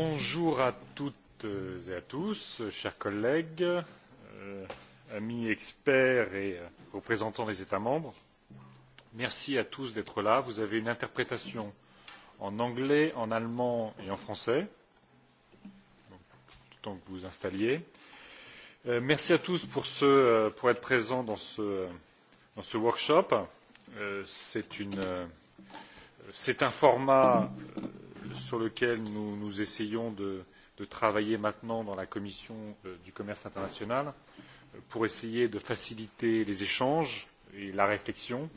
Bonjour à toutes et à tous, chers collègues, euh, amis experts et euh, représentants des États membres. Merci à tous d'être là. Vous avez une interprétation en anglais, en allemand et en français, donc, tout le temps que vous vous installiez. Euh, merci à tous pour, ce, euh, pour être présents dans ce, euh, dans ce workshop. Euh, C'est un format sur lequel nous, nous essayons de, de travailler maintenant dans la commission euh, du commerce international euh, pour essayer de faciliter les échanges et la réflexion.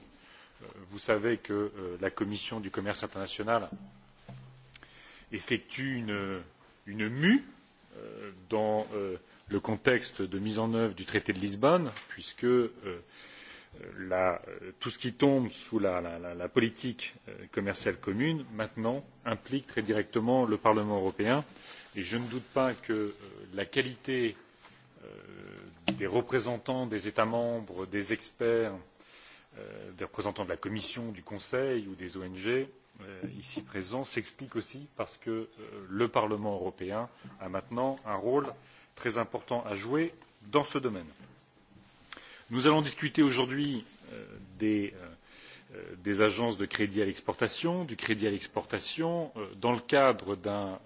Euh, vous savez que la commission du commerce international effectue une, une mue dans le contexte de mise en œuvre du traité de Lisbonne, puisque la, tout ce qui tombe sous la, la, la politique euh, commerciale commune maintenant implique très directement le parlement européen et je ne doute pas que euh, la qualité euh, des représentants des états membres des experts des représentants de la commission du conseil ou des ong ici présents s'explique aussi parce que le parlement européen a maintenant un rôle très important à jouer dans ce domaine nous allons discuter aujourd'hui euh, euh, euh, des, agences de crédit à l'exportation du crédit à l'exportation dans le cadre d'un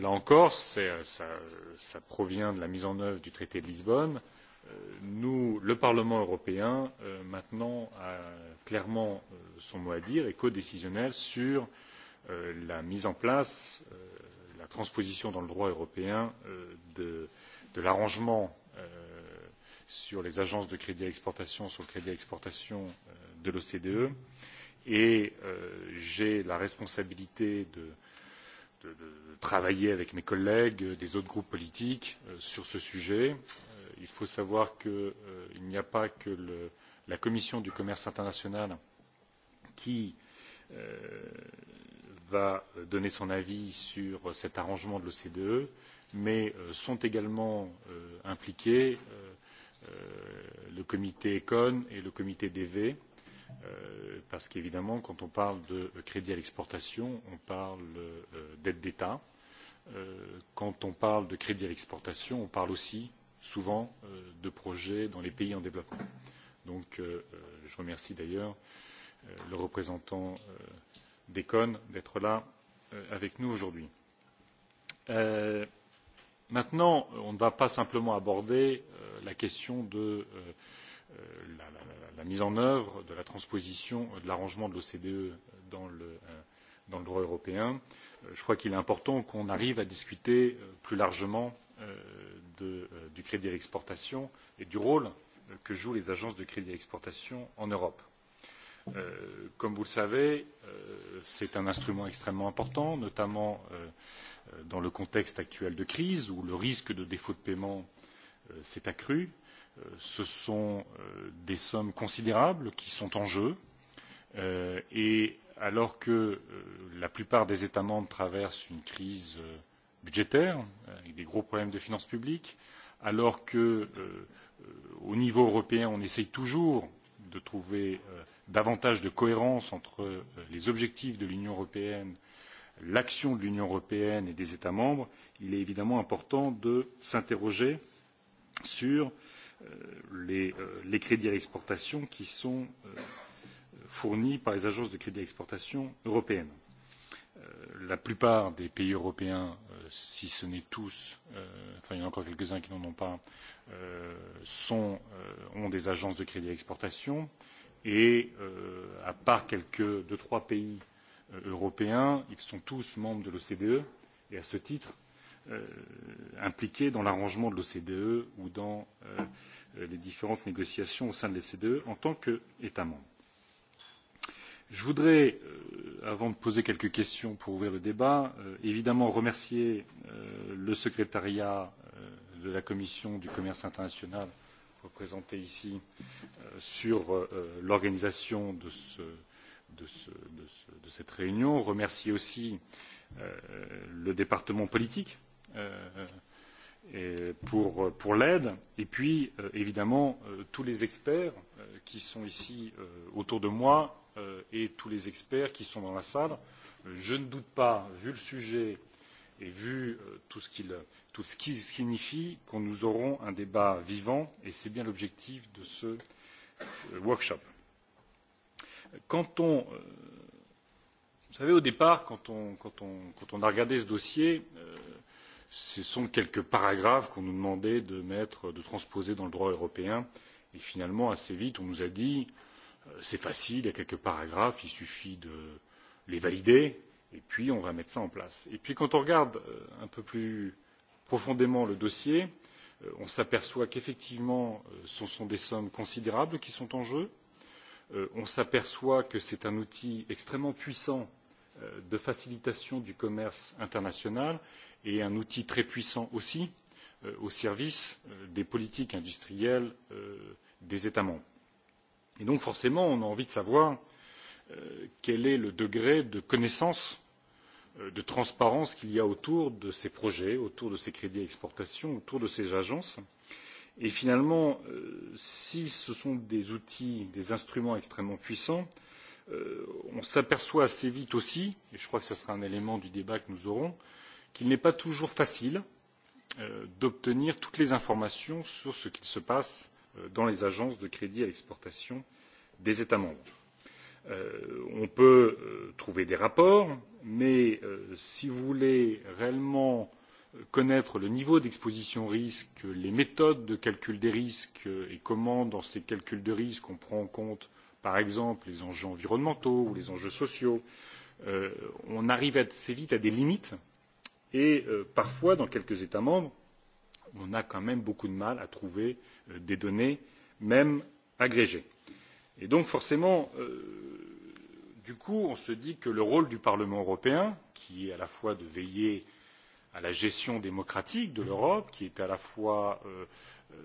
là encore cela provient de la mise en œuvre du traité de lisbonne le parlement européen a maintenant clairement son mot à dire et codécisionnel sur la mise en place la transposition dans le droit européen de, de l'arrangement sur les agences de crédit à l'exportation, sur le crédit à l'exportation euh, de l'OCDE. Et euh, j'ai la responsabilité de, de, de travailler avec mes collègues euh, des autres groupes politiques sur ce sujet. il faut savoir qu'il n'y a pas que le, la Commission du commerce international qui va donner son avis sur cet arrangement de l'OCDE, mais sont également impliqués Euh, le comité econ et le comité dv euh, parce qu'évidemment quand on parle de crédit à l'exportation on parle euh, d'aides d'état quand on parle de crédit à l'exportation on parle aussi souvent de projets dans les pays en développement. donc je remercie d'ailleurs le représentant d'econ d'être là avec nous aujourd'hui maintenant on ne va pas simplement aborder euh, la question de euh, euh, la, mise en œuvre de la transposition de l'arrangement de l'ocde dans, le droit européen je crois qu'il est important qu'on arrive à discuter plus largement du crédit à l'exportation et du rôle que jouent les agences de crédit à l'exportation en europe Euh, comme vous le savez, euh, c'est un instrument extrêmement important, notamment euh, dans le contexte actuel de crise où le risque de défaut de paiement s'est accru. Ce sont des sommes considérables qui sont en jeu et alors que la plupart des États membres traversent une crise budgétaire avec des gros problèmes de finances publiques, alors qu'au niveau européen on essaye toujours de trouver euh, davantage de cohérence entre euh, les objectifs de l'union européenne l'action de l'union européenne et des états membres il est évidemment important de s'interroger sur euh, les, les crédits à l'exportation qui sont fournis par les agences de crédit à l'exportation européennes. la plupart des pays européens si ce n'est tous, euh, enfin il y en a encore quelques-uns qui n'en ont pas, euh, sont, euh, ont des agences de crédit à exportation et euh, à part quelques deux trois pays euh, européens, ils sont tous membres de l'OCDE et à ce titre euh, impliqués dans l'arrangement de l'OCDE ou dans euh, les différentes négociations au sein de l'OCDE en tant qu'État membre je voudrais, euh, avant de poser quelques questions pour ouvrir le débat, euh, évidemment remercier euh, le secrétariat de la Commission du commerce international représenté ici sur l'organisation de, ce, de, ce, de, ce, de cette réunion, remercier aussi le département politique pour, pour l'aide et puis évidemment tous les experts qui sont ici autour de moi Euh, et tous les experts qui sont dans la salle. Je ne doute pas, vu le sujet et vu euh, tout ce qu'il qui signifie qu'on nous aurons un débat vivant et c'est bien l'objectif de ce euh, workshop. Quand on, vous savez, au départ, quand on, quand on, quand on a regardé ce dossier, ce sont quelques paragraphes qu'on nous demandait de mettre, de transposer dans le droit européen. Et finalement, assez vite, on nous a dit, euh, c'est facile, il y a quelques paragraphes, il suffit de les valider, et puis on va mettre ça en place. Et puis quand on regarde euh, un peu plus profondément le dossier, euh, on s'aperçoit qu'effectivement, euh, ce sont des sommes considérables qui sont en jeu. On s'aperçoit que c'est un outil extrêmement puissant de facilitation du commerce international et un outil très puissant aussi au service des politiques industrielles des États membres Et donc forcément, on a envie de savoir euh, quel est le degré de connaissance, euh, de transparence qu'il y a autour de ces projets, autour de ces crédits à exportation, autour de ces agences. Et finalement, euh, si ce sont des outils, des instruments extrêmement puissants, on s'aperçoit assez vite aussi, et je crois que ce sera un élément du débat que nous aurons, qu'il n'est pas toujours facile d'obtenir toutes les informations sur ce qu'il se passe Euh, dans les agences de crédit à l'exportation des États membres. Euh, on peut euh, trouver des rapports, mais si vous voulez réellement connaître le niveau d'exposition risque, les méthodes de calcul des risques et comment, dans ces calculs de risque, on prend en compte, par exemple, les enjeux environnementaux ou les enjeux sociaux, on arrive assez vite à des limites et parfois, dans quelques États membres, on a quand même beaucoup de mal à trouver euh, des données, même agrégées. Et donc forcément, euh, du coup, on se dit que le rôle du Parlement européen, qui est à la fois de veiller à la gestion démocratique de l'Europe, qui est à la fois euh, euh,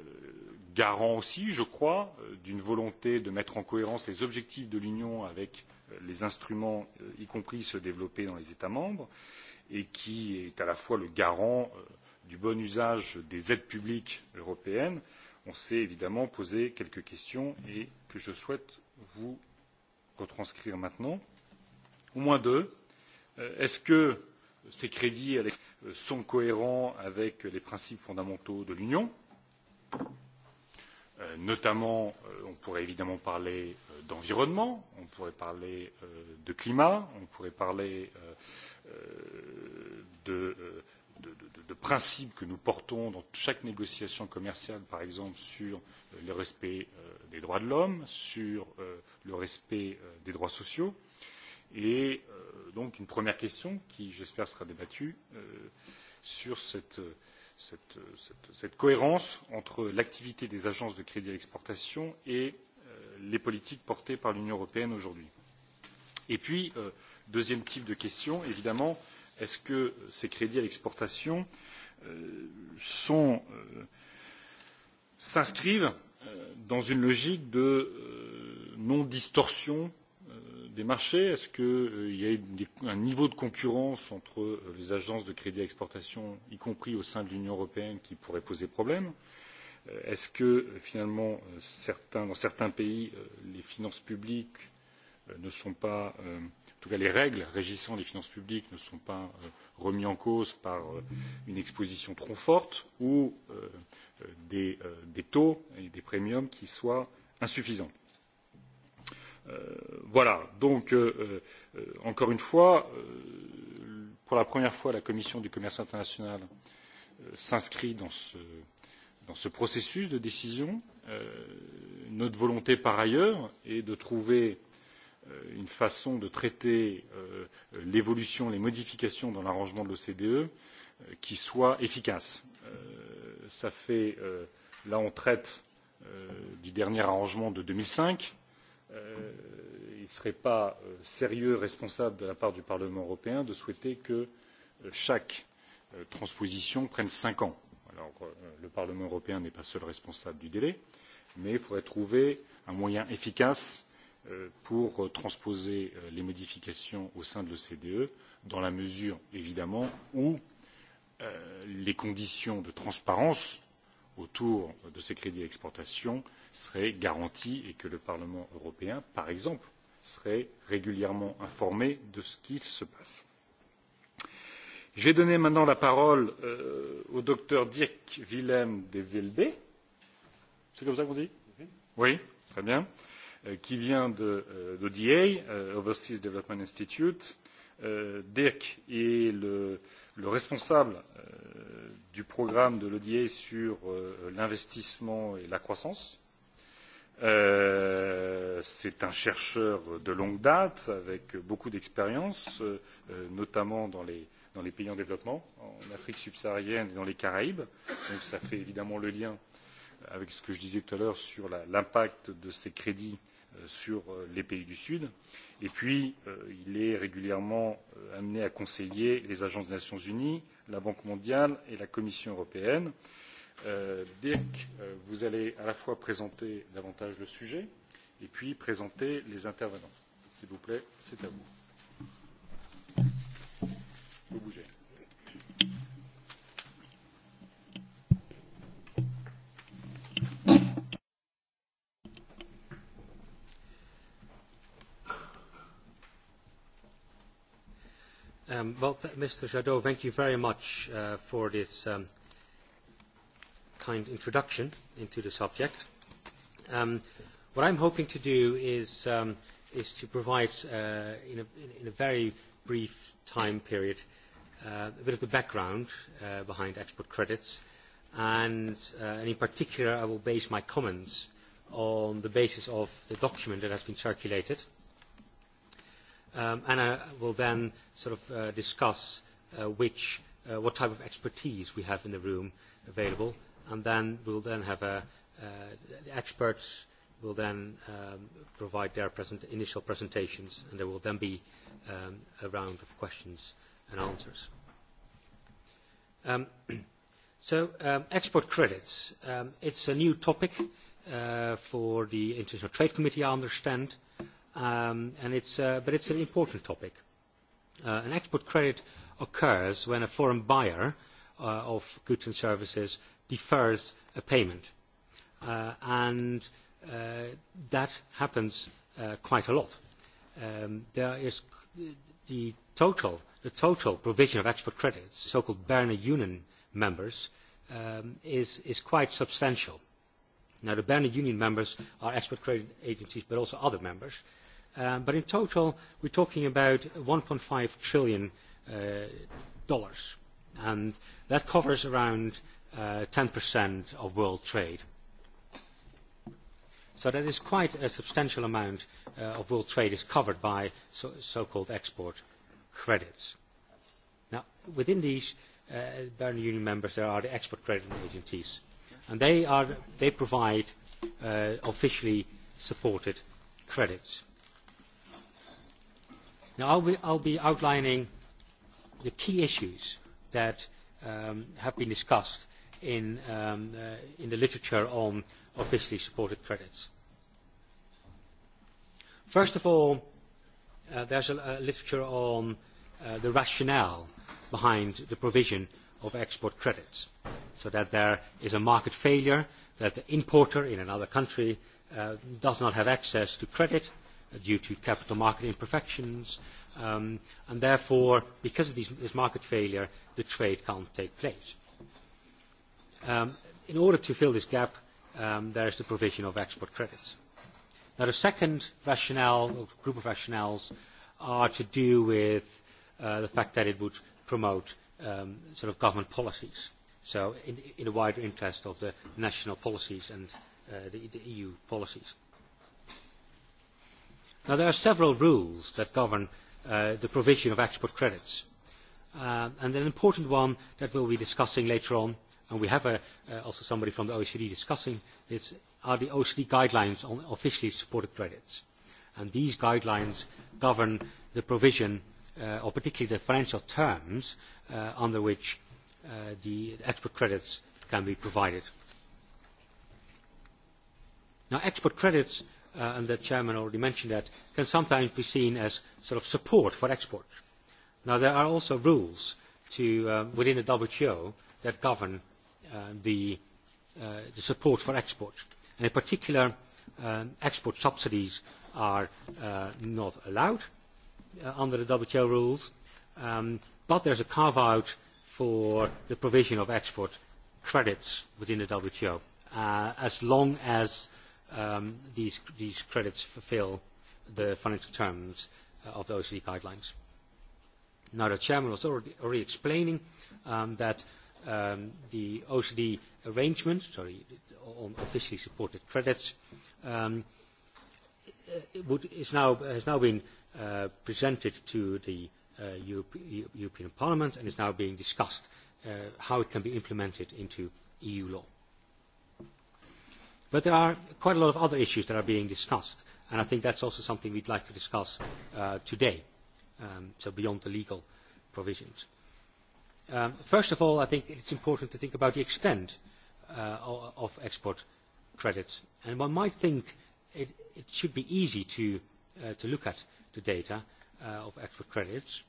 garant aussi, je crois, euh, d'une volonté de mettre en cohérence les objectifs de l'Union avec euh, les instruments, euh, y compris ceux développés dans les États membres, et qui est à la fois le garant euh, du bon usage des aides publiques européennes, on s'est évidemment posé quelques questions et que je souhaite vous retranscrire maintenant. Au moins deux. Euh, est-ce que ces crédits euh, sont cohérents avec les principes fondamentaux de l'Union euh, Notamment, on pourrait évidemment parler d'environnement, on pourrait parler de climat, on pourrait parler de de, principes que nous portons dans chaque négociation commerciale, par exemple sur euh, le respect euh, des droits de l'homme, sur euh, le respect des droits sociaux. Et donc une première question qui, j'espère, sera débattue sur cette, cette, cette, cette cohérence entre l'activité des agences de crédit à l'exportation et les politiques portées par l'Union européenne aujourd'hui. Et puis, deuxième type de question, évidemment, euh, Est-ce que ces crédits à l'exportation euh, sont euh, s'inscrivent euh, dans une logique de non distorsion des marchés Est-ce qu'il y a un niveau de concurrence entre les agences de crédit à exportation, y compris au sein de l'Union européenne, qui pourrait poser problème Est-ce que finalement, certains, dans certains pays, les finances publiques ne sont pas euh, en tout cas les règles régissant les finances publiques ne sont pas euh, remises en cause par euh, une exposition trop forte ou des, des taux et des premiums qui soient insuffisants. Voilà, donc encore une fois, pour la première fois, la Commission du commerce international s'inscrit dans ce, dans ce processus de décision. Notre volonté, par ailleurs, est de trouver euh, Euh, une façon de traiter euh, l'évolution les modifications dans l'arrangement de l'ocde euh, qui soit efficace. Ça fait, là on traite du dernier arrangement de deux mille cinq il ne serait pas sérieux et responsable de la part du parlement européen de souhaiter que chaque transposition prenne cinq ans. Alors, le parlement européen n'est pas seul responsable du délai mais il faudrait trouver un moyen efficace Euh, pour transposer euh, les modifications au sein de l'OCDE, dans la mesure, évidemment, où euh, les conditions de transparence autour de ces crédits d'exportation seraient garanties et que le Parlement européen, par exemple, serait régulièrement informé de ce qui se passe. Je vais donner maintenant la parole euh, au docteur Dirk Willem de Wilde. C'est comme ça qu'on dit Oui, très bien. Euh, Euh, qui vient de euh, d'oda euh, overseas development institute dirk est le, le responsable du programme de l'oda sur l'investissement et la croissance. c'est un chercheur de longue date avec beaucoup d'expérience notamment dans les dans les pays en développement, en Afrique subsaharienne et dans les Caraïbes. Donc ça fait évidemment le lien avec ce que je disais tout à l'heure sur l'impact de ces crédits sur euh, les pays du Sud. Et puis, euh, il est régulièrement euh, amené à conseiller les agences des Nations Unies, la Banque mondiale et la Commission européenne. Dirk, vous allez à la fois présenter davantage le sujet et puis présenter les intervenants. S'il vous plaît, c'est à vous. Vous bougez. Um, well, Mr. Jadot, thank you very much uh, for this um, kind introduction into the subject. Um, what I'm hoping to do is, um, is to provide, uh, in, a, in a very brief time period, uh, a bit of the background uh, behind export credits, and, uh, and in particular, I will base my comments on the basis of the document that has been circulated, Um, Anna will then sort of uh, discuss uh, which, uh, what type of expertise we have in the room available, and then we'll then have a, uh, the experts will then um, provide their present, initial presentations, and there will then be um, a round of questions and answers. Um, so, um, export credits. Um, it's a new topic uh, for the International Trade Committee, I understand. Uh, Um, and it's, uh, but it's an important topic. Uh, an export credit occurs when a foreign buyer uh, of goods and services defers a payment. Uh, and uh, that happens uh, quite a lot. Um, there is the total, the total provision of export credits, so-called Berner Union members, um, is, is quite substantial. Now, the Berner Union members are export credit agencies, but also other members. Uh, Uh, but in total, we're talking about $1.5 trillion, uh, dollars, and that covers around uh, of world trade. So that is quite a substantial amount uh, of world trade is covered by so-called so, export credits. Now, within these uh, Berne Union members, there are the export credit agencies, and they, are, they provide uh, officially supported credits Now, I'll be, outlining the key issues that um, have been discussed um, uh, in, the literature on officially supported credits. First of all, uh, there's a, literature on uh, the rationale behind the provision of export credits, so that there is a market failure, that the importer in another country does not have access to credit, due to capital market imperfections, um, and therefore, because of these, this market failure, the trade can't take place. Um, in order to fill this gap, um, there is the provision of export credits. Now, the second rationale, or group of rationales, are to do with uh, the fact that it would promote um, sort of government policies. So, in, in the wider interest of the national policies and uh, the, the EU policies. Now, there are several rules that govern uh, the provision of export credits. Uh, and an important one that we'll be discussing later on, and we have a, uh, also somebody from the OECD discussing this, are the OECD guidelines on officially supported credits. And these guidelines govern the provision, uh, or particularly the financial terms uh, under which uh, the export credits can be provided. Now, export credits uh, and the chairman already mentioned that, can sometimes be seen as sort of support for export. Now, there are also rules to, uh, within the WTO that govern uh, the, uh, the support for export. And in particular, um, export subsidies are uh, not allowed uh, under the WTO rules, um, but there's a carve-out for the provision of export credits within the WTO, uh, as long as um, these, these credits fulfil the financial terms uh, of the OECD guidelines. Now, the chairman was already, already explaining um, that um, the OECD arrangement, sorry, on officially supported credits, um, uh, would, is now, has now been uh, presented to the uh, Europe, European Parliament and is now being discussed uh, how it can be implemented into EU law. But there are quite a lot of other issues that are being discussed, and I think that's also something we'd like to discuss uh, today, um, so beyond the legal provisions. Um, first of all, I think it's important to think about the extent uh, of export credits. And one might think it, it should be easy to, uh, to look at the data uh, of export credits,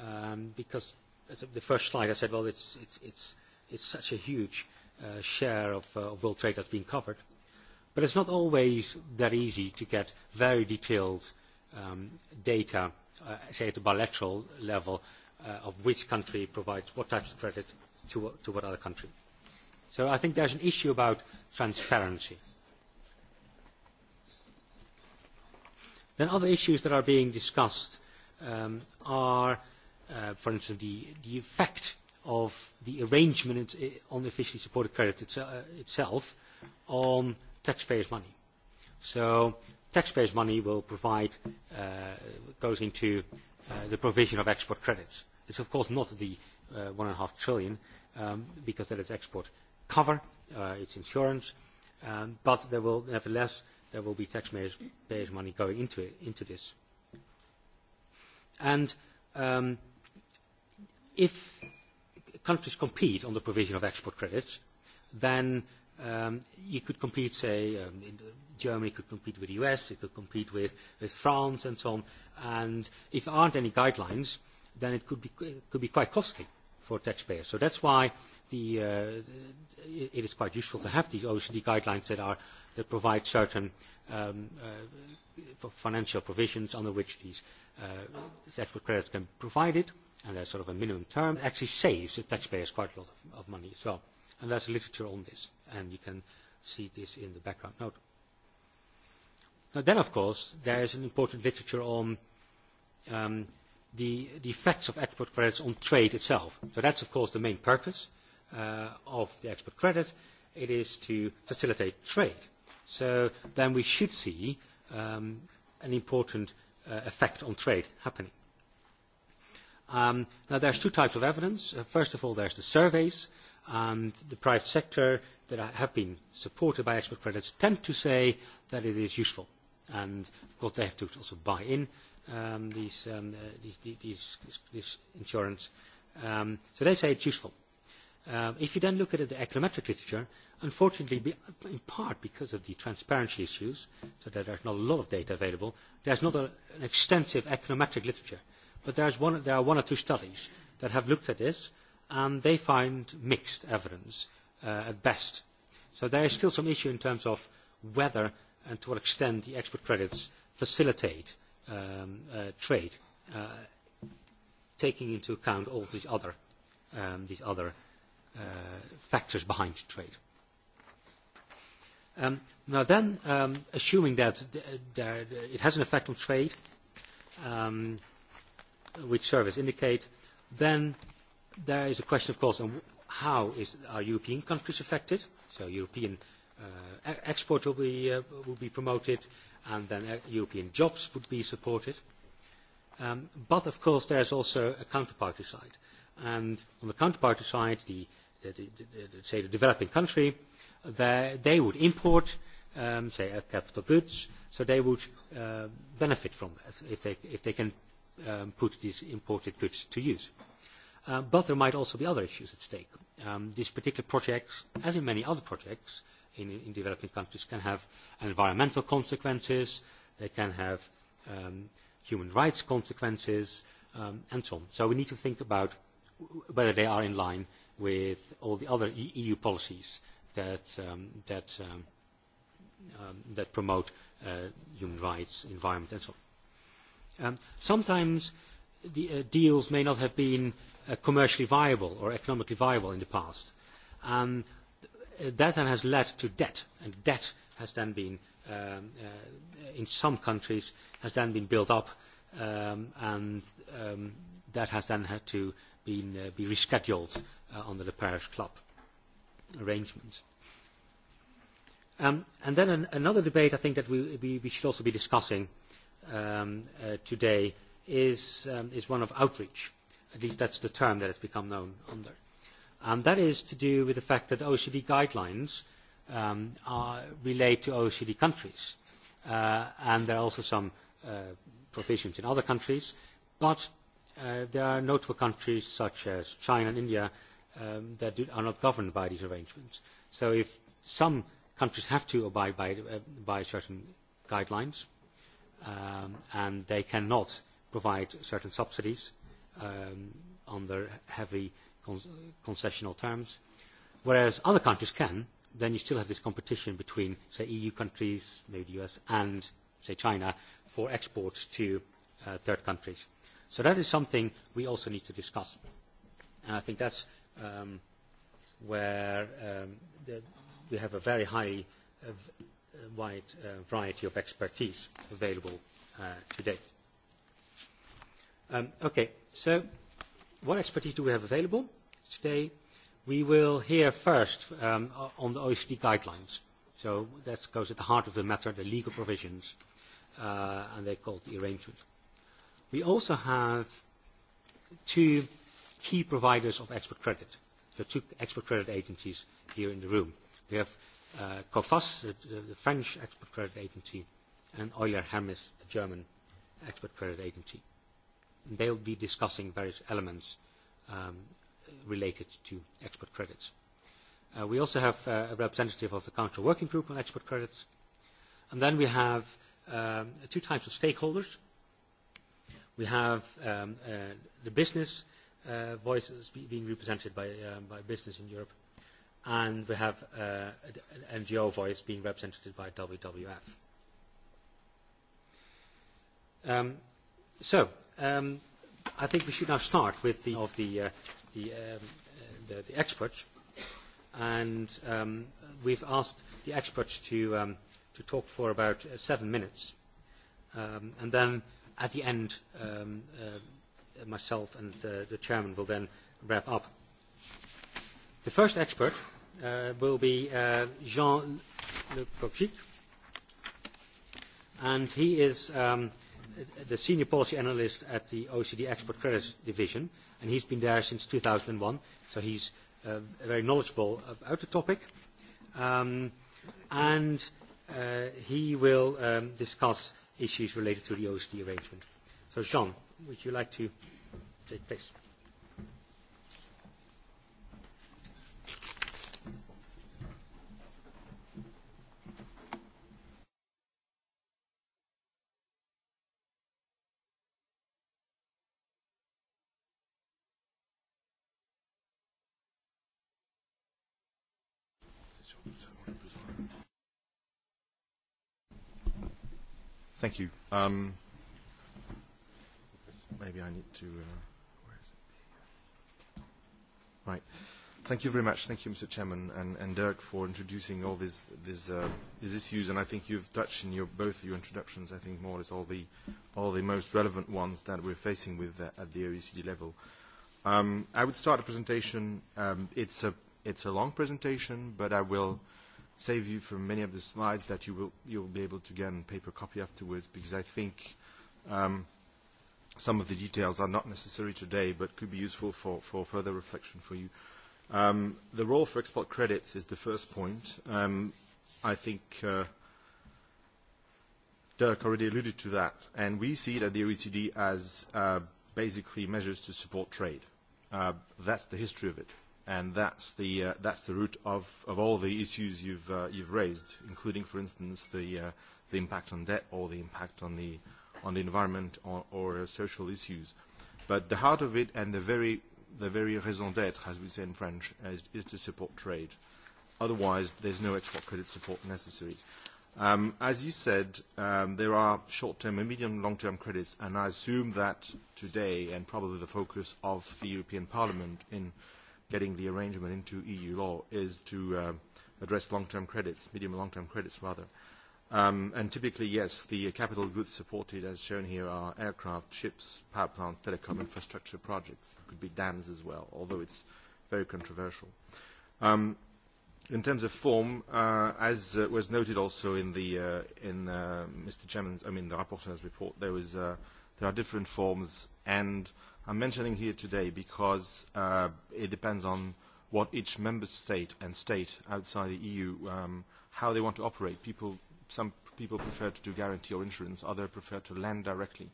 um, because as the first slide I said, well, it's, it's, it's, it's such a huge uh, share of, uh, of world trade that's being covered. But it's not always that easy to get very detailed um, data, uh, say at a bilateral level, uh, of which country provides what types of credit to, to what other country. So I think there's an issue about transparency. Then other issues that are being discussed um, are, uh, for instance, the, the effect of the arrangement uh, on the officially supported credit itse uh, itself on taxpayers' money. So taxpayers' money will provide, uh, goes into uh, the provision of export credits. It's of course not the uh, one and a half trillion um, because that is export cover, uh, it's insurance, um, but there will nevertheless there will be taxpayers' money going into, it, into this. And um, if countries compete on the provision of export credits, then um, you could compete, say, um, in Germany could compete with the US, it could compete with, with France and so on. And if there aren't any guidelines, then it could be, it could be quite costly for taxpayers. So that's why the, uh, it is quite useful to have these OECD guidelines that, are, that provide certain um, uh, financial provisions under which these uh, export credits can be provided, and there's sort of a minimum term. It actually saves the taxpayers quite a lot of, of money as well. And there's literature on this and you can see this in the background note. Now then, of course, there is an important literature on um, the, the effects of export credits on trade itself. So that's, of course, the main purpose uh, of the export credit. It is to facilitate trade. So then we should see um, an important uh, effect on trade happening. Um, now, there's two types of evidence. Uh, first of all, there's the surveys. Uh, and the private sector that have been supported by export credits tend to say that it is useful. And of course, they have to also buy in um, these, um, uh, these, these, these insurance. Um, so they say it's useful. Um, if you then look at the econometric literature, unfortunately, be, in part because of the transparency issues, so that there's not a lot of data available, there's not a, an extensive econometric literature. But there's one, there are one or two studies that have looked at this and they find mixed evidence uh, at best. So there is still some issue in terms of whether and to what extent the export credits facilitate um, uh, trade, uh, taking into account all these other, um, these other uh, factors behind trade. Um, now then, um, assuming that there, it has an effect on trade, um, which surveys indicate, then there is a question, of course, on how is, are European countries affected? So European uh, e, export will be, uh, will be promoted, and then uh, European jobs would be supported. Um, but, of course, there is also a counterparty side. And on the counterparty side, the, the, the, the, the say, the developing country, they would import, um, say, capital goods, so they would uh, benefit from that if they, if they can um, put these imported goods to use. Uh, Uh, but there might also be other issues at stake. Um, these particular projects, as in many other projects in, in developing countries, can have environmental consequences, they can have um, human rights consequences, um, and so on. So we need to think about whether they are in line with all the other EU e policies that, um, that, um, um, that promote uh, human rights, environment, and so on. Um, sometimes the, uh, deals may not have been Uh, commercially viable or economically viable in the past. And that then has led to debt, and debt has then been, um, uh, in some countries, has then been built up, um, and um, that has then had to been, uh, be rescheduled uh, under the Paris Club arrangement. Um, and then an, another debate I think that we, we, we should also be discussing um, uh, today is, um, is one of outreach Um, at least that's the term that has become known under. And that is to do with the fact that OECD guidelines um, are, relate to OECD countries. Uh, and there are also some uh, provisions in other countries, but uh, there are notable countries such as China and India um, that do, are not governed by these arrangements. So if some countries have to abide by, uh, by certain guidelines, um, and they cannot provide certain subsidies, under um, heavy con concessional terms. Whereas other countries can, then you still have this competition between, say, EU countries, maybe the US, and, say, China for exports to uh, third countries. So that is something we also need to discuss. And I think that's um, where um, the, we have a very high, uh, uh wide uh, variety of expertise available uh, today. Um, okay, so what expertise do we have available today? We will hear first um, on the OECD guidelines. So that goes at the heart of the matter, the legal provisions, uh, and they called the arrangement. We also have two key providers of export credit, the two export credit agencies here in the room. We have uh, COFAS, the, the French export credit agency, and Euler Hermes, the German export credit agency they will be discussing various elements um, related to export credits. Uh, we also have uh, a representative of the Council Working Group on Export Credits. And then we have um, two types of stakeholders. We have um, uh, the business uh, voices being represented by, um, by business in Europe, and we have uh, an NGO voice being represented by WWF. Um, So, um, I think we should now start with the, of the, uh, the, um, the, the experts. And um, we've asked the experts to, um, to talk for about uh, seven minutes. Um, and then at the end, um, uh, myself and uh, the chairman will then wrap up. The first expert uh, will be uh, Jean Le Progic, and he is um, the senior policy analyst at the OECD Export Credit Division, and he's been there since 2001, so he's uh, very knowledgeable about the topic. Um, and uh, he will um, discuss issues related to the OECD arrangement. So, Jean, would you like to take place? Thank you. Um, maybe I need to. Uh, where is it? Right. Thank you very much. Thank you, Mr. Chairman, and, and Dirk for introducing all these these, uh, these issues. And I think you've touched in your both your introductions. I think more or less all the all the most relevant ones that we're facing with uh, at the OECD level. Um, I would start a presentation. Um, it's a It's a long presentation, but I will save you from many of the slides that you will you'll be able to get in paper copy afterwards because I think um, some of the details are not necessary today but could be useful for, for further reflection for you. Um, the role for export credits is the first point. Um, I think uh, Dirk already alluded to that, and we see it at the OECD as uh, basically measures to support trade. Uh, that's the history of it and that's the, uh, that's the root of, of all the issues you've, uh, you've raised, including, for instance, the, uh, the impact on debt or the impact on the, on the environment or, or uh, social issues. But the heart of it and the very, the very raison d'être, as we say in French, is, is to support trade. Otherwise, there's no export credit support necessary. Um, as you said, um, there are short-term and medium long-term credits, and I assume that today, and probably the focus of the European Parliament in getting the arrangement into EU law is to uh, address long-term credits, medium and long-term credits rather. Um, and typically, yes, the capital goods supported, as shown here, are aircraft, ships, power plants, telecom infrastructure projects. It could be dams as well, although it's very controversial. Um, in terms of form, uh, as uh, was noted also in the uh, in uh, Mr. Chairman's, I mean the rapporteur's report, there was uh, there are different forms and I'm mentioning here today because uh, it depends on what each member state and state outside the EU, um, how they want to operate. People, some people prefer to do guarantee or insurance, others prefer to lend directly,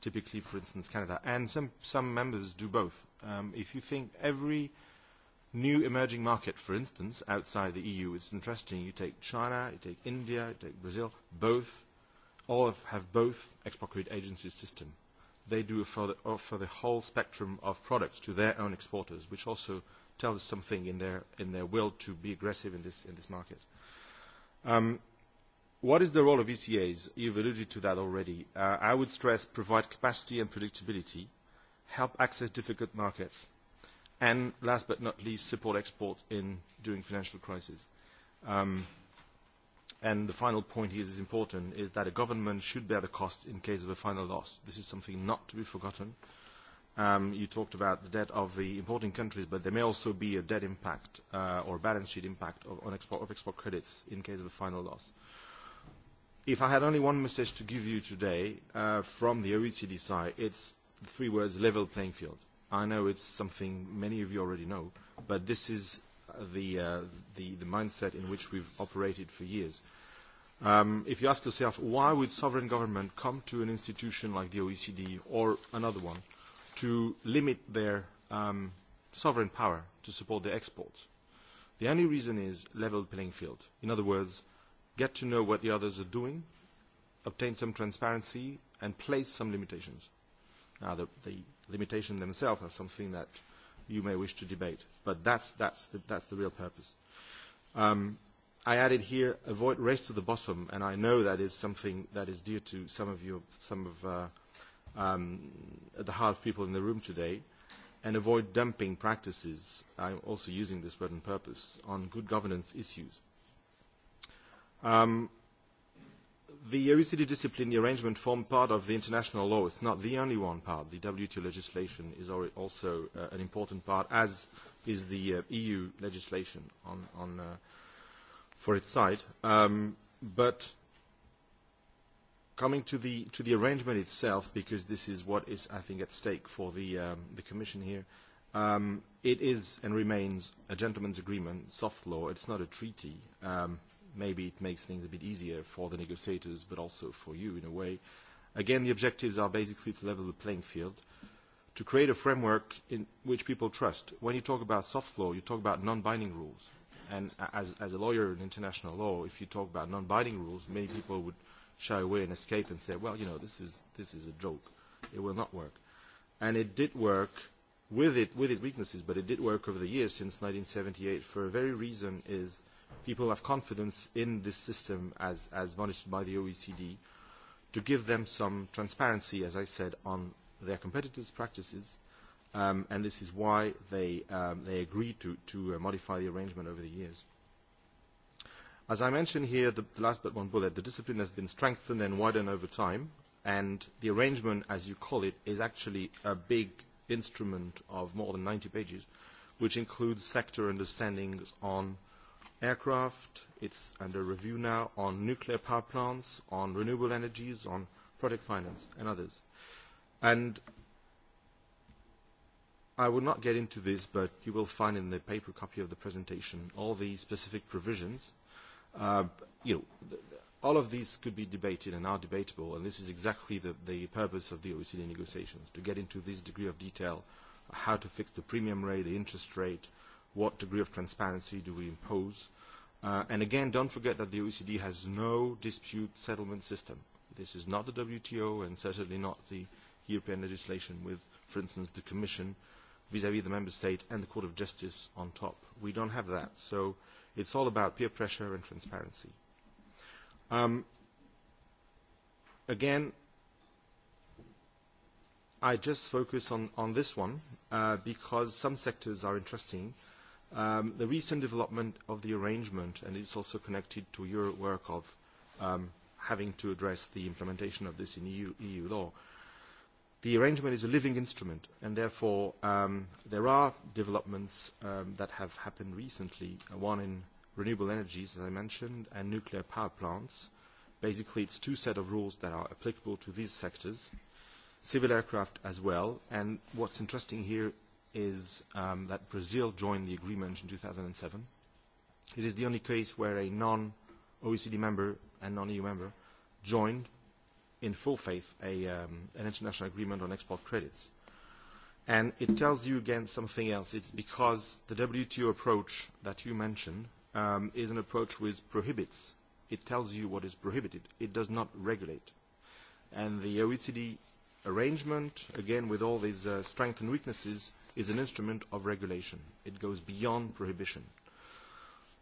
typically, for instance, Canada. And some, some members do both. Um, if you think every new emerging market, for instance, outside the EU, it's interesting. You take China, you take India, you take Brazil, both, all have, have both export credit agency system they do for the, offer the whole spectrum of products to their own exporters, which also tells us something in their, in their will to be aggressive in this, in this market. Um, what is the role of ECAs? You've alluded to that already. Uh, I would stress provide capacity and predictability, help access difficult markets, and last but not least, support exports in, during financial crises. Um, And the final point here is important, is that a government should bear the cost in case of a final loss. This is something not to be forgotten. Um, you talked about the debt of the importing countries, but there may also be a debt impact uh, or balance sheet impact of, on export, of export credits in case of a final loss. If I had only one message to give you today uh, from the OECD side, it's three words level playing field. I know it's something many of you already know, but this is the, uh, the, the mindset in which we've operated for years. Um, if you ask yourself, why would sovereign government come to an institution like the OECD or another one to limit their um, sovereign power to support their exports? The only reason is level playing field. In other words, get to know what the others are doing, obtain some transparency, and place some limitations. Now, the, the limitations themselves are something that you may wish to debate. But that's, that's, the, that's the real purpose. Um, I added here, avoid race to the bottom, and I know that is something that is dear to some of you, some of uh, um, the hard people in the room today, and avoid dumping practices, I'm also using this word on purpose, on good governance issues. Um, the OECD disciplinary arrangement formed part of the international law. It's not the only one part. The WTO legislation is also uh, an important part, as is the uh, EU legislation on, on, uh, for its side. Um, but coming to the, to the arrangement itself, because this is what is, I think, at stake for the, um, the Commission here, um, it is and remains a gentleman's agreement, soft law. It's not a treaty. Um, maybe it makes things a bit easier for the negotiators, but also for you in a way. Again, the objectives are basically to level the playing field, to create a framework in which people trust. When you talk about soft law, you talk about non-binding rules. And as, as a lawyer in international law, if you talk about non-binding rules, many people would shy away and escape and say, well, you know, this is, this is a joke. It will not work. And it did work with it, with its weaknesses, but it did work over the years since 1978 for a very reason is – people have confidence in this system as, as monitored by the OECD, to give them some transparency, as I said, on their competitors' practices, um, and this is why they, um, they agreed to, to uh, modify the arrangement over the years. As I mentioned here, the, the last but one bullet, the discipline has been strengthened and widened over time, and the arrangement, as you call it, is actually a big instrument of more than 90 pages, which includes sector understandings on aircraft. It's under review now on nuclear power plants, on renewable energies, on project finance and others. And I will not get into this, but you will find in the paper copy of the presentation all the specific provisions. Uh, you know, all of these could be debated and are debatable, and this is exactly the, the purpose of the OECD negotiations, to get into this degree of detail, how to fix the premium rate, the interest rate, uh, what degree of transparency do we impose? Uh, and again, don't forget that the OECD has no dispute settlement system. This is not the WTO and certainly not the European legislation with, for instance, the Commission vis-à-vis -vis the Member State and the Court of Justice on top. We don't have that. So it's all about peer pressure and transparency. Um, again, I just focus on, on this one uh, because some sectors are interesting Uh, Um, the recent development of the arrangement, and it's also connected to your work of um, having to address the implementation of this in EU, EU law, the arrangement is a living instrument, and therefore um, there are developments um, that have happened recently, one in renewable energies, as I mentioned, and nuclear power plants. Basically, it's two set of rules that are applicable to these sectors, civil aircraft as well, and what's interesting here is um, that Brazil joined the agreement in 2007. It is the only case where a non-OECD member and non-EU member joined in full faith a, um, an international agreement on export credits. And it tells you again something else. It's because the WTO approach that you mentioned um, is an approach which prohibits. It tells you what is prohibited. It does not regulate. And the OECD arrangement, again with all these uh, strengths and weaknesses, is an instrument of regulation. It goes beyond prohibition.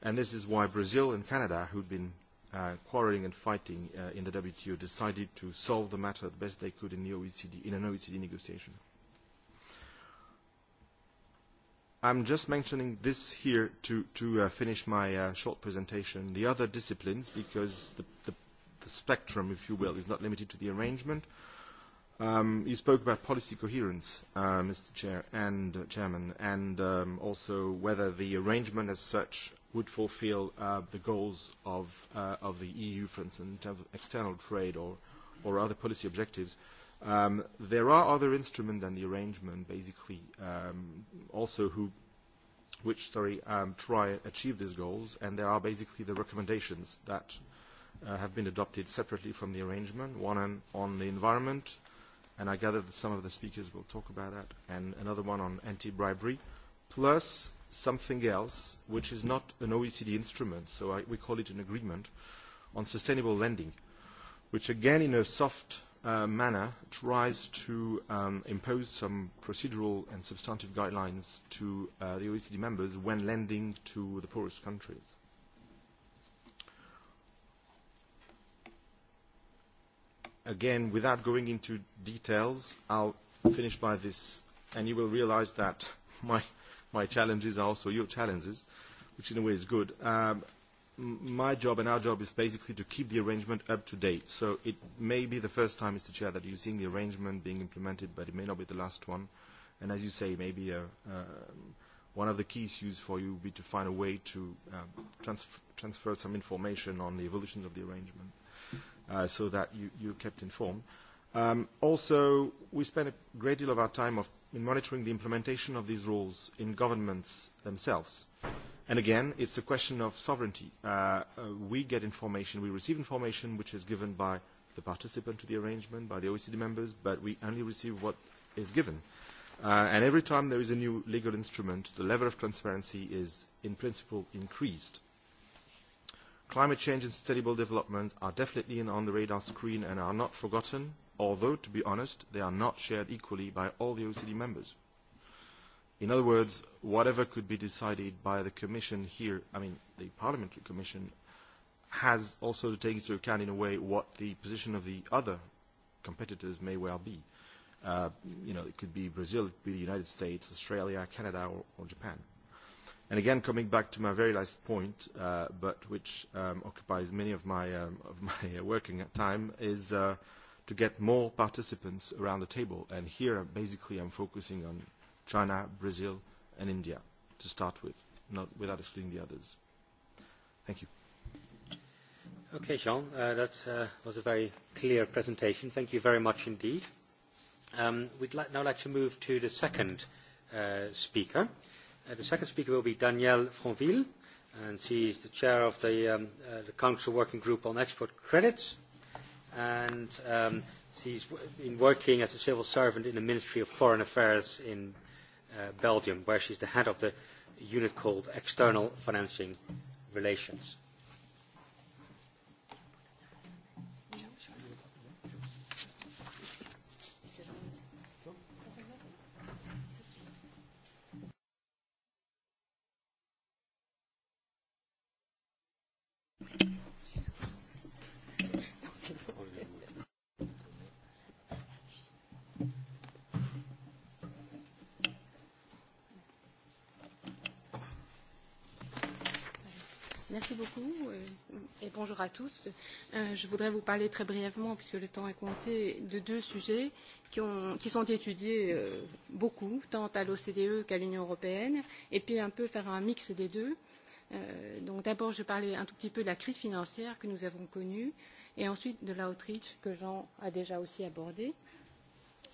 And this is why Brazil and Canada, who'd been uh, quarreling and fighting uh, in the WTO, decided to solve the matter the best they could in, the OECD, in an OECD negotiation. I'm just mentioning this here to, to uh, finish my uh, short presentation. The other disciplines, because the, the, the spectrum, if you will, is not limited to the arrangement. Uh, Um, you spoke about policy coherence, uh, Mr. Chair and uh, Chairman, and um, also whether the arrangement as such would fulfil uh, the goals of, uh, of the EU, for instance, in terms of external trade or, or other policy objectives. Um, there are other instruments than the arrangement, basically, um, also who, which sorry, um, try achieve these goals, and there are basically the recommendations that uh, have been adopted separately from the arrangement, one on, on the environment, and I gather that some of the speakers will talk about that, and another one on anti-bribery, plus something else, which is not an OECD instrument, so I, we call it an agreement on sustainable lending, which again, in a soft uh, manner, tries to um, impose some procedural and substantive guidelines to uh, the OECD members when lending to the poorest countries. again, without going into details, I'll finish by this, and you will realize that my, my challenges are also your challenges, which in a way is good. Um, my job and our job is basically to keep the arrangement up to date. So it may be the first time, Mr. Chair, that you're seeing the arrangement being implemented, but it may not be the last one. And as you say, maybe a, uh, um, one of the key issues for you would be to find a way to um, trans transfer some information on the evolution of the arrangement. Uh, so that you, you kept informed. Um, also, we spend a great deal of our time of, in monitoring the implementation of these rules in governments themselves. And again, it's a question of sovereignty. Uh, uh, we get information, we receive information which is given by the participant to the arrangement, by the OECD members, but we only receive what is given. Uh, and every time there is a new legal instrument, the level of transparency is, in principle, increased. Climate change and sustainable development are definitely on the radar screen and are not forgotten, although, to be honest, they are not shared equally by all the OECD members. In other words, whatever could be decided by the Commission here, I mean the Parliamentary Commission, has also to take into account in a way what the position of the other competitors may well be. Uh, you know, it could be Brazil, it could be the United States, Australia, Canada, or, or Japan. And again, coming back to my very last point, uh, but which um, occupies many of my, um, of my uh, working time, is uh, to get more participants around the table. And here, basically, I'm focusing on China, Brazil, and India to start with, not without excluding the others. Thank you. Okay, Jean, uh, that uh, was a very clear presentation. Thank you very much indeed. Um, we'd li now like to move to the second uh, speaker. Uh, the second speaker will be Danielle Fonville, and she is the chair of the, um, uh, the Council Working Group on Export Credits. And um, she's been working as a civil servant in the Ministry of Foreign Affairs in uh, Belgium, where she's the head of the unit called External Financing Relations. bonjour à tous. Euh, je voudrais vous parler très brièvement, puisque le temps est compté, de deux sujets qui, ont, qui sont étudiés euh, beaucoup, tant à l'OCDE qu'à l'Union européenne, et puis un peu faire un mix des deux. Euh, donc d'abord, je parlais un tout petit peu de la crise financière que nous avons connue, et ensuite de l'outreach que Jean a déjà aussi abordé.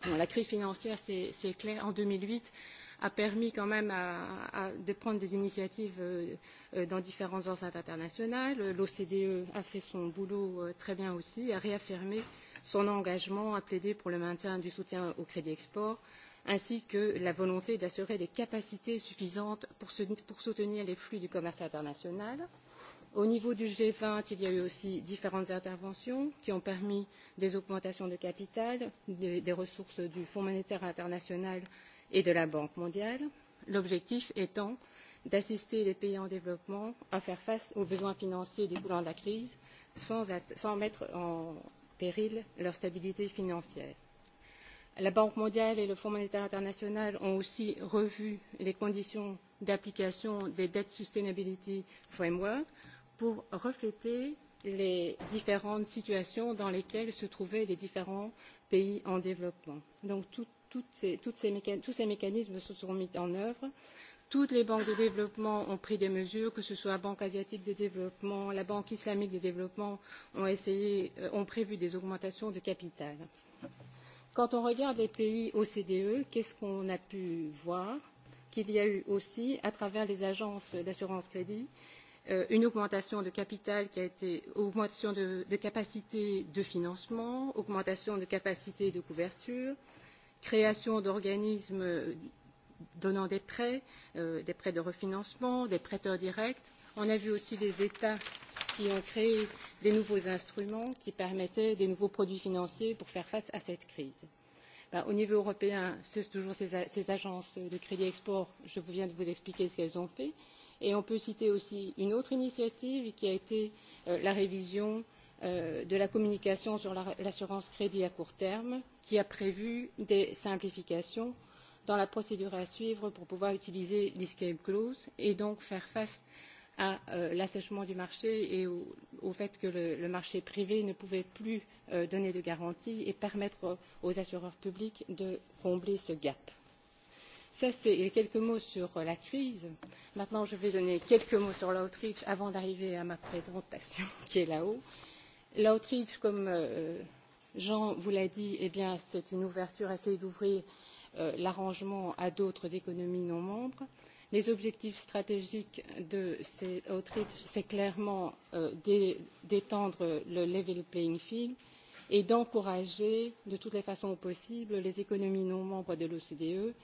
Bon, la crise financière, c'est clair, en 2008, a permis quand même à, à, de prendre des initiatives euh, euh dans différentes enceintes internationales. L'OCDE a fait son boulot euh, très bien aussi, a réaffirmé son engagement à plaider pour le maintien du soutien au crédit export, ainsi que la volonté d'assurer des capacités suffisantes pour, se, pour soutenir les flux du commerce international. Au niveau du G20, il y a eu aussi différentes interventions qui ont permis des augmentations de capital, des, des ressources du Fonds monétaire international euh, et de la Banque mondiale, l'objectif étant d'assister les pays en développement à faire face aux besoins financiers découlant de la crise sans, mettre en péril leur stabilité financière. La Banque mondiale et le Fonds monétaire international ont aussi revu les conditions d'application des Debt Sustainability Framework pour refléter les différentes situations dans lesquelles se trouvaient les différents pays en développement. Donc tout toutes ces, tous ces mécanismes se sont mis en œuvre. Toutes les banques de développement ont pris des mesures, que ce soit la Banque asiatique de développement, la Banque islamique de développement, ont, essayé, euh, ont prévu des augmentations de capital. Quand on regarde les pays OCDE, qu'est-ce qu'on a pu voir Qu'il y a eu aussi, à travers les agences d'assurance crédit, euh, une augmentation de capital qui a été augmentation de, de capacité de financement, augmentation de capacité de couverture, euh, création d'organismes donnant des prêts, euh, des prêts de refinancement, des prêteurs directs. On a vu aussi des États qui ont créé des nouveaux instruments qui permettaient des nouveaux produits financiers pour faire face à cette crise. Ben, au niveau européen, c'est toujours ces, ces agences de crédit export, je viens de vous expliquer ce qu'elles ont fait. Et on peut citer aussi une autre initiative qui a été euh, la révision euh, Euh, de la communication sur l'assurance crédit à court terme qui a prévu des simplifications dans la procédure à suivre pour pouvoir utiliser l'escape clause et donc faire face à euh, l'assèchement du marché et au, au fait que le, le marché privé ne pouvait plus euh, donner de garanties et permettre aux assureurs publics de combler ce gap. Ça, c'est quelques mots sur la crise. Maintenant, je vais donner quelques mots sur l'outreach avant d'arriver à ma présentation qui est là-haut. Euh, L'outreach, comme euh, Jean vous l'a dit, eh bien, c'est une ouverture, essayer d'ouvrir euh, l'arrangement à d'autres économies non membres. Les objectifs stratégiques de ces outreach, c'est clairement euh, d'étendre le level playing field et d'encourager de toutes les façons possibles les économies non membres de l'OCDE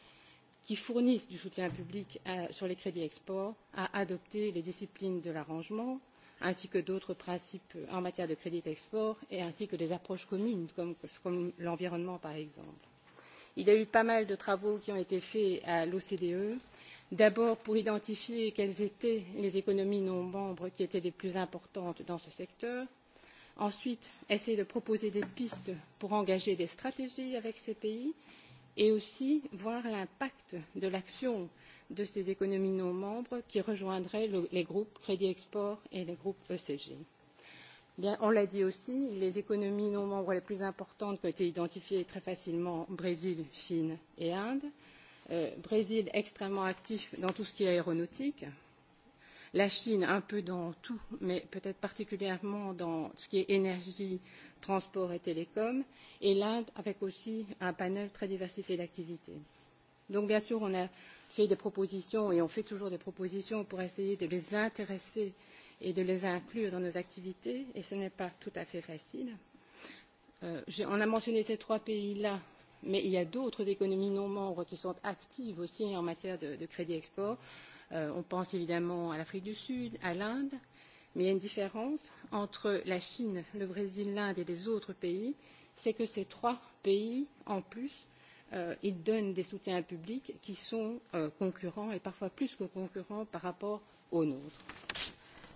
qui fournissent du soutien public à, sur les crédits export à adopter les disciplines de l'arrangement ainsi que d'autres principes en matière de crédit export et ainsi que des approches communes comme, comme l'environnement par exemple. Il y a eu pas mal de travaux qui ont été faits à l'OCDE, d'abord pour identifier quelles étaient les économies non membres qui étaient les plus importantes dans ce secteur, ensuite essayer de proposer des pistes pour engager des stratégies avec ces pays et aussi voir l'impact de l'action de ces économies non membres qui rejoindraient le, les groupes Crédit Export et les groupes ECG. Bien, on l'a dit aussi, les économies non membres les plus importantes qui ont été identifiées très facilement Brésil, Chine et Inde. Euh, Brésil extrêmement actif dans tout ce qui est aéronautique. La Chine un peu dans tout, mais peut-être particulièrement dans ce qui est énergie, transports et télécoms, et l'Inde avec aussi un panel très diversifié d'activités. Donc bien sûr, on a fait des propositions et on fait toujours des propositions pour essayer de les intéresser et de les inclure dans nos activités, et ce n'est pas tout à fait facile. Euh, on a mentionné ces trois pays-là, mais il y a d'autres économies non membres qui sont actives aussi en matière de, de crédit export. Euh, on pense évidemment à l'Afrique du Sud, à l'Inde, euh, Mais il y a une différence entre la Chine, le Brésil, l'Inde et les autres pays, c'est que ces trois pays, en plus, euh, ils donnent des soutiens publics qui sont euh, concurrents et parfois plus que concurrents par rapport aux nôtres.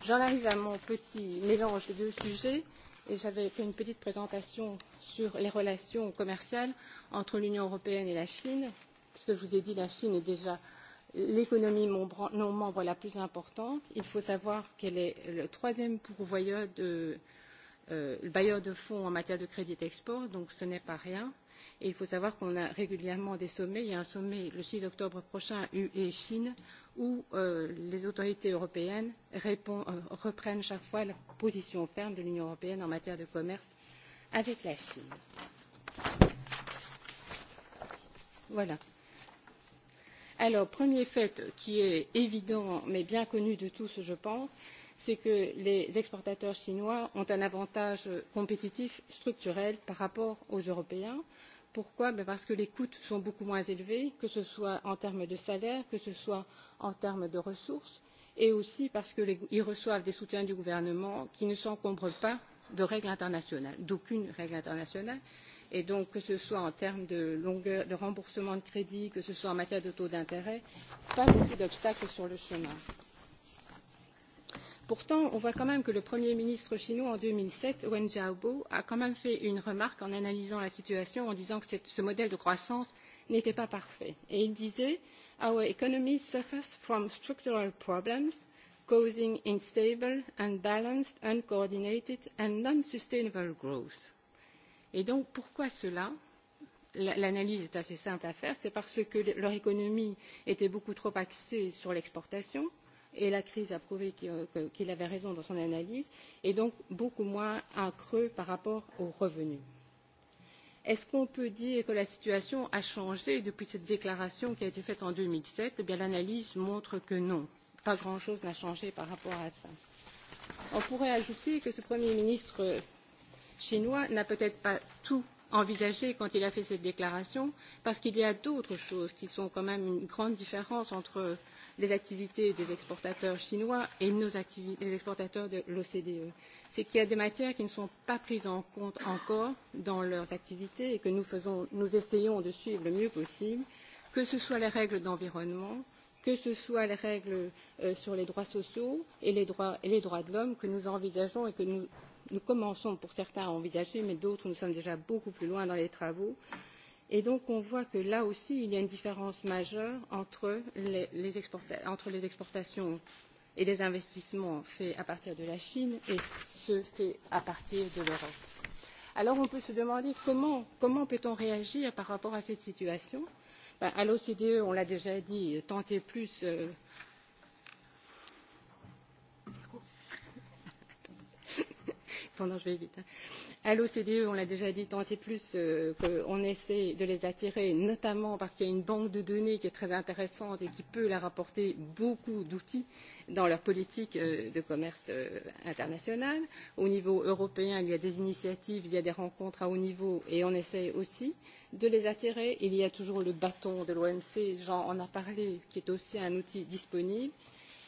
J'en arrive à mon petit mélange des deux sujets et j'avais fait une petite présentation sur les relations commerciales entre l'Union européenne et la Chine, puisque je vous ai dit la Chine est déjà l'économie non membre la plus importante. Il faut savoir qu'elle est le troisième pourvoyeur de euh, bailleur de fonds en matière de crédit d'export, donc ce n'est pas rien. Et il faut savoir qu'on a régulièrement des sommets. Il y a un sommet le 6 octobre prochain, UE Chine, où euh, les autorités européennes répond, euh, reprennent chaque fois la position ferme de l'Union européenne en matière de commerce avec la Chine. Voilà. Alors, premier fait qui est évident, mais bien connu de tous, je pense, c'est que les exportateurs chinois ont un avantage compétitif structurel par rapport aux Européens. Pourquoi ben Parce que les coûts sont beaucoup moins élevés, que ce soit en termes de salaire, que ce soit en termes de ressources, et aussi parce qu'ils reçoivent des soutiens du gouvernement qui ne s'encombrent pas de règles internationales, d'aucune règle internationale. Et donc, que ce soit en termes de longueur, de remboursement de crédit, que ce soit en matière de taux d'intérêt, pas beaucoup d'obstacles sur le chemin. Pourtant, on voit quand même que le Premier ministre chinois en 2007, Wen Jiabao, a quand même fait une remarque en analysant la situation en disant que cette, ce modèle de croissance n'était pas parfait. Et il disait Our economy suffers from structural problems causing instable, unbalanced, uncoordinated and non-sustainable growth. Et donc, pourquoi cela L'analyse est assez simple à faire. C'est parce que leur économie était beaucoup trop axée sur l'exportation et la crise a prouvé qu'il avait raison dans son analyse et donc beaucoup moins en creux par rapport aux revenus. Est-ce qu'on peut dire que la situation a changé depuis cette déclaration qui a été faite en 2007 Eh bien, l'analyse montre que non. Pas grand-chose n'a changé par rapport à ça. On pourrait ajouter que ce Premier ministre chinois n'a peut-être pas tout envisagé quand il a fait cette déclaration, parce qu'il y a d'autres choses qui sont quand même une grande différence entre les activités des exportateurs chinois et nos activités, les exportateurs de l'OCDE. C'est qu'il y a des matières qui ne sont pas prises en compte encore dans leurs activités et que nous, faisons, nous essayons de suivre le mieux possible, que ce soit les règles d'environnement, que ce soit les règles euh, sur les droits sociaux et les droits, et les droits de l'homme que nous envisageons et que nous nous commençons pour certains à envisager, mais d'autres, nous sommes déjà beaucoup plus loin dans les travaux. Et donc, on voit que là aussi, il y a une différence majeure entre les, les, exporta entre les exportations et les investissements faits à partir de la Chine et ceux faits à partir de l'Europe. Alors, on peut se demander comment, comment peut-on réagir par rapport à cette situation ben, À l'OCDE, on l'a déjà dit, tenter plus. Euh, Pendant, je vais vite. Hein. À l'OCDE, on l'a déjà dit tant et plus euh, qu'on essaie de les attirer, notamment parce qu'il y a une banque de données qui est très intéressante et qui peut leur apporter beaucoup d'outils dans leur politique euh, de commerce euh, international. Au niveau européen, il y a des initiatives, il y a des rencontres à haut niveau et on essaie aussi de les attirer. Il y a toujours le bâton de l'OMC, Jean en a parlé, qui est aussi un outil disponible.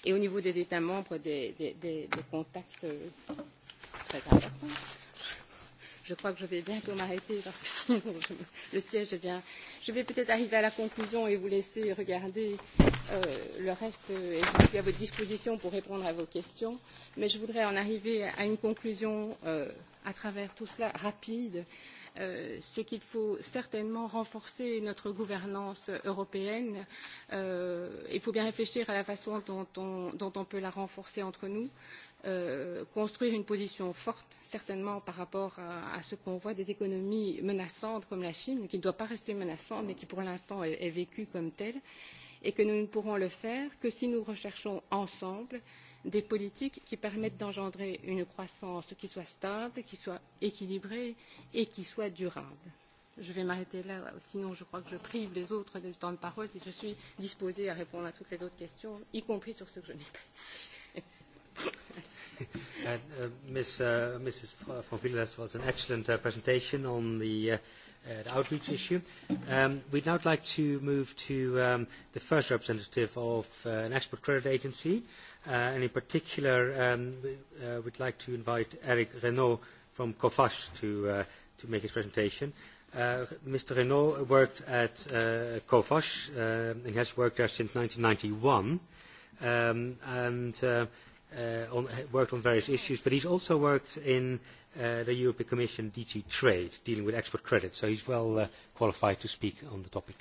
Et au niveau des États membres, des, des, des, des contacts. Euh, très important. Je crois que je vais bientôt m'arrêter parce que sinon je, le siège devient. Je vais peut-être arriver à la conclusion et vous laisser regarder euh, le reste et je suis à votre disposition pour répondre à vos questions. Mais je voudrais en arriver à une conclusion euh, à travers tout cela rapide. Euh, c'est qu'il faut certainement renforcer notre gouvernance européenne. Euh, il faut bien réfléchir à la façon dont on, dont on peut la renforcer entre nous. Euh, Euh, construire une position forte, certainement par rapport à, à ce qu'on voit des économies menaçantes comme la Chine, qui ne doit pas rester menaçante, mais qui pour l'instant est, est vécue comme telle, et que nous ne pourrons le faire que si nous recherchons ensemble des politiques qui permettent d'engendrer une croissance qui soit stable, qui soit équilibrée et qui soit durable. Je vais m'arrêter là, sinon je crois que je prive les autres du temps de parole et je suis disposée à répondre à toutes les autres questions, y compris sur ce que je n'ai pas dit. and, uh, Ms, uh, Mrs. von Villas was an excellent uh, presentation on the, uh, uh, the outreach issue. Um, we'd now like to move to um, the first representative of uh, an export credit agency, uh, and in particular, um, uh, we'd like to invite Eric Renault from COFAS to, uh, to make his presentation. Uh, Mr. Renault worked at uh, COFAS uh, um, and has worked there since 1991. Um, and uh, Uh, on, worked on various issues, but he's also worked in uh, the European Commission DG Trade, dealing with export credit, so he's well uh, qualified to speak on the topic.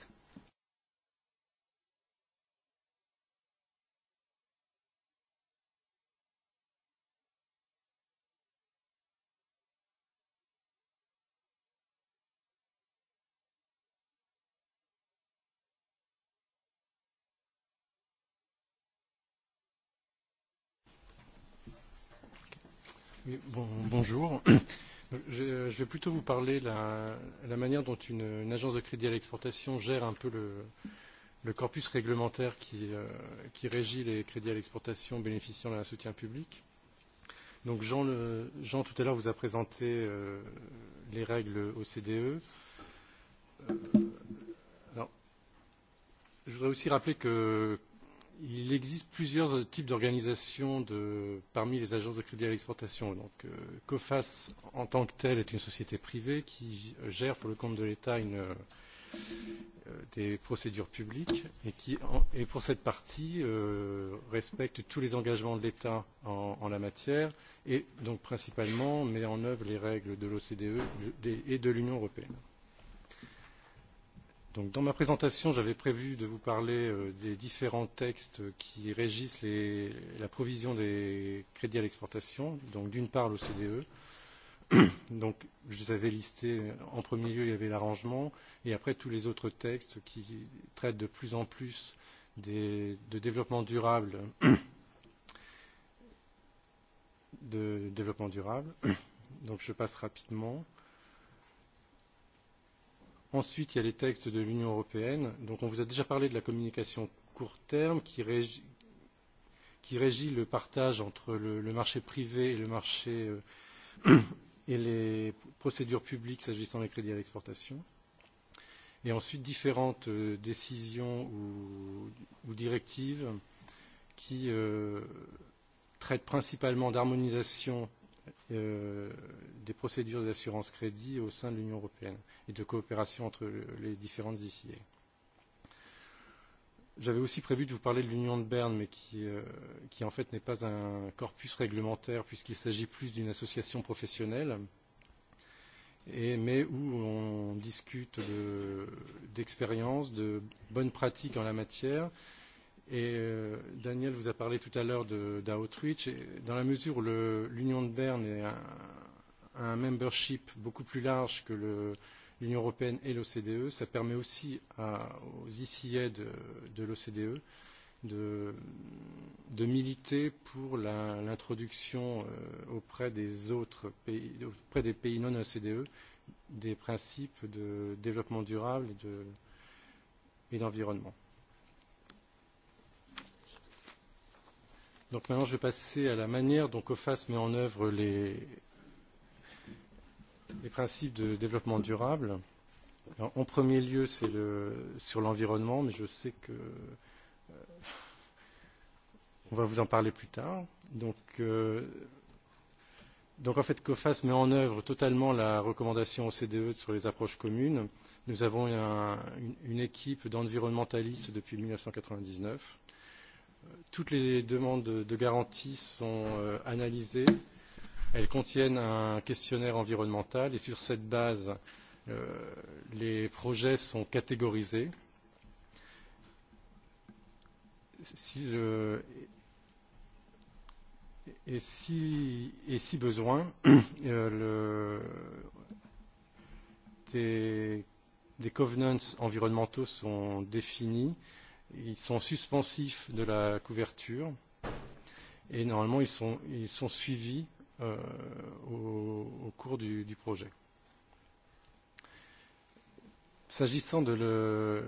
Oui, bon, bonjour. Je, je vais plutôt vous parler de la, la manière dont une, une agence de crédit à l'exportation gère un peu le, le corpus réglementaire qui, euh, qui régit les crédits à l'exportation bénéficiant d'un soutien public. Donc Jean, le, Jean tout à l'heure vous a présenté euh, les règles OCDE. Euh, alors, je voudrais aussi rappeler que il existe plusieurs types d'organisations parmi les agences de crédit à l'exportation. Donc, euh, COFAS en tant que telle est une société privée qui gère pour le compte de l'État euh, des procédures publiques et qui, en, et pour cette partie, euh, respecte tous les engagements de l'État en, en la matière et donc principalement met en œuvre les règles de l'OCDE e, et de l'Union européenne. Donc, dans ma présentation, j'avais prévu de vous parler euh, des différents textes qui régissent les, la provision des crédits à l'exportation, donc d'une part l'OCDE. donc, je les avais listés en premier lieu, il y avait l'arrangement, et après tous les autres textes qui traitent de plus en plus des, de développement durable, de développement durable. Donc, je passe rapidement. Euh, Ensuite, il y a les textes de l'Union européenne. Donc, on vous a déjà parlé de la communication court terme qui régit, qui régit le partage entre le, le marché privé et le marché euh, et les procédures publiques s'agissant des crédits à l'exportation. Et ensuite, différentes euh, décisions ou, ou directives qui euh, traitent principalement d'harmonisation Euh, des procédures d'assurance crédit au sein de l'Union européenne et de coopération entre les différentes ICA. J'avais aussi prévu de vous parler de l'Union de Berne, mais qui, euh, qui en fait n'est pas un corpus réglementaire puisqu'il s'agit plus d'une association professionnelle, et, mais où on discute d'expériences, de, de bonnes pratiques en la matière, euh, Et euh, Daniel vous a parlé tout à l'heure d'Outreach. dans la mesure où l'Union de Berne est un, un membership beaucoup plus large que l'Union européenne et l'OCDE, ça permet aussi à, aux ICA de, de l'OCDE de, de militer pour l'introduction euh, auprès des autres pays, auprès des pays non OCDE, des principes de développement durable et d'environnement. De, Donc maintenant, je vais passer à la manière dont COFAS met en œuvre les, les principes de développement durable. Alors, en premier lieu, c'est le, sur l'environnement, mais je sais que euh, on va vous en parler plus tard. Donc, euh, donc en fait, COFAS met en œuvre totalement la recommandation OCDE sur les approches communes. Nous avons un, une, une équipe d'environnementalistes depuis 1999 toutes les demandes de, garantie sont euh, analysées. Elles contiennent un questionnaire environnemental et sur cette base, euh, les projets sont catégorisés. Si le, et, si, et si besoin, euh, le, des, des covenants environnementaux sont définis euh, ils sont suspensifs de la couverture et normalement ils sont, ils sont suivis euh, au, au cours du, du projet. S'agissant de, le,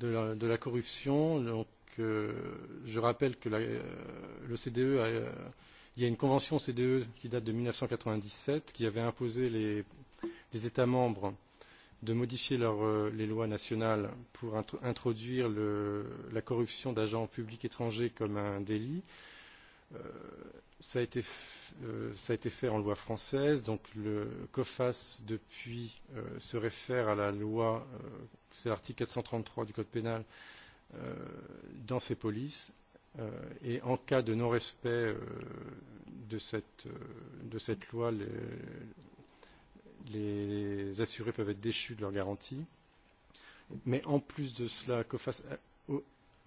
de, la, de la corruption, donc, euh, je rappelle que la, euh, le CDE a, il y a une convention CDE qui date de 1997 qui avait imposé les, les États membres de modifier leur, euh, les lois nationales pour int introduire le, la corruption d'agents publics étrangers comme un délit. Euh, ça, a été euh, ça a été fait en loi française, donc le COFAS depuis euh, se réfère à la loi, euh, c'est l'article 433 du Code pénal, euh, dans ses polices. Euh, et en cas de non-respect euh, de, cette, euh, de cette loi, les, les assurés peuvent être déchus de leur garantie. Mais en plus de cela, COFAS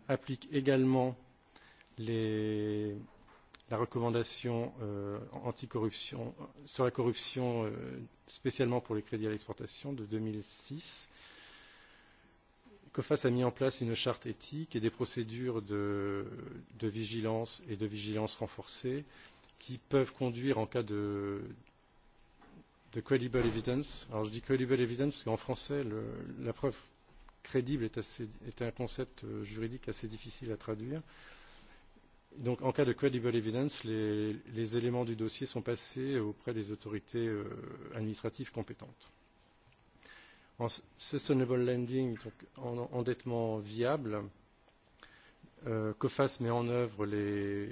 applique également les, la recommandation euh, anticorruption sur la corruption euh, spécialement pour les crédits à l'exportation de 2006. COFAS a mis en place une charte éthique et des procédures de, de vigilance et de vigilance renforcée qui peuvent conduire en cas de, de credible evidence. Alors je dis credible evidence parce qu'en français, le, la preuve crédible est, assez, est un concept euh, juridique assez difficile à traduire. Donc en cas de credible evidence, les, les éléments du dossier sont passés auprès des autorités euh, administratives compétentes. En sustainable lending, donc en endettement viable, euh, COFAS met en œuvre les,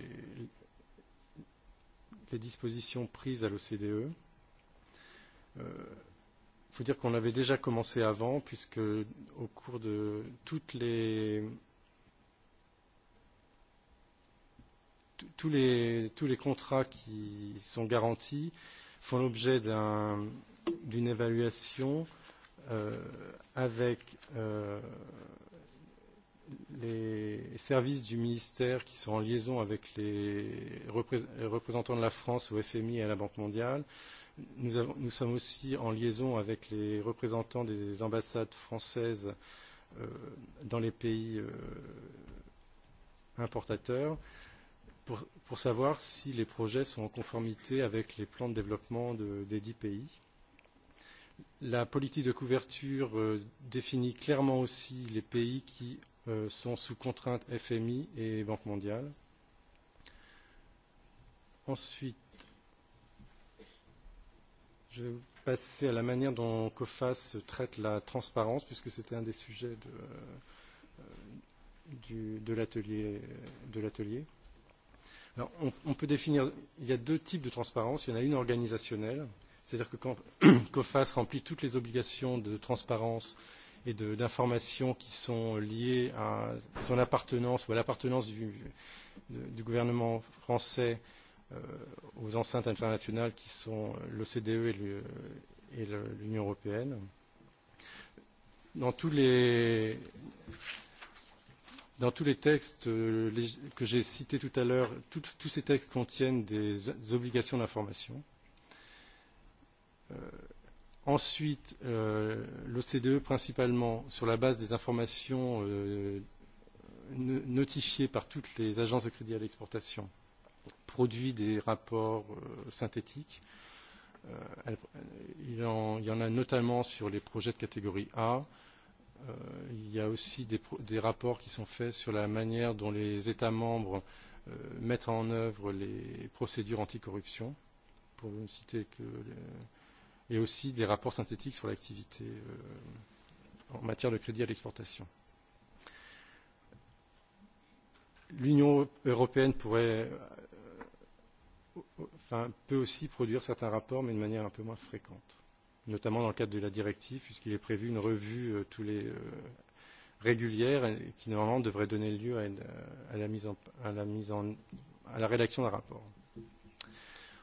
les dispositions prises à l'OCDE Euh, Il euh, faut dire qu'on avait déjà commencé avant, puisque au cours de toutes les tous les, tous les contrats qui sont garantis font l'objet d'un, d'une évaluation euh, avec euh, les services du ministère qui sont en liaison avec les, représ, les représentants de la France au FMI et à la Banque mondiale. Euh, Nous, sommes aussi en liaison avec les représentants des ambassades françaises euh, dans les pays euh, importateurs pour, pour savoir si les projets sont en conformité avec les plans de développement de, des dix pays. La politique de couverture euh, définit clairement aussi les pays qui sont sous contrainte FMI et Banque mondiale. Ensuite, je vais passer à la manière dont COFAS traite la transparence, puisque c'était un des sujets de, euh, de de l'atelier. Alors, on, on peut définir, il y a deux types de transparence. Il y en a une organisationnelle, c'est-à-dire que quand COFAS remplit toutes les obligations de transparence et d'informations qui sont liées à son appartenance ou à l'appartenance du, du gouvernement français euh, Euh, aux enceintes internationales qui sont l'OCDE et l'Union européenne. Dans tous les, dans tous les textes euh, que j'ai cités tout à l'heure, tous ces textes contiennent des, des obligations d'information. Euh, ensuite, euh, l'OCDE, principalement sur la base des informations euh, no-, notifiées par toutes les agences de crédit à l'exportation, produit des rapports euh, synthétiques. Euh, elle, il, en, il y en a notamment sur les projets de catégorie A. Euh, il y a aussi des, des rapports qui sont faits sur la manière dont les États membres euh, mettent en œuvre les procédures anticorruption, pour ne citer que les, et aussi des rapports synthétiques sur l'activité euh, en matière de crédit à l'exportation. L'Union européenne pourrait enfin, peut aussi produire certains rapports, mais de manière un peu moins fréquente, notamment dans le cadre de la directive, puisqu'il est prévu une revue euh, tous les, euh, régulière qui normalement devrait donner lieu à, une, euh, à, la, mise en, à, la, mise en, à la rédaction d'un rapport.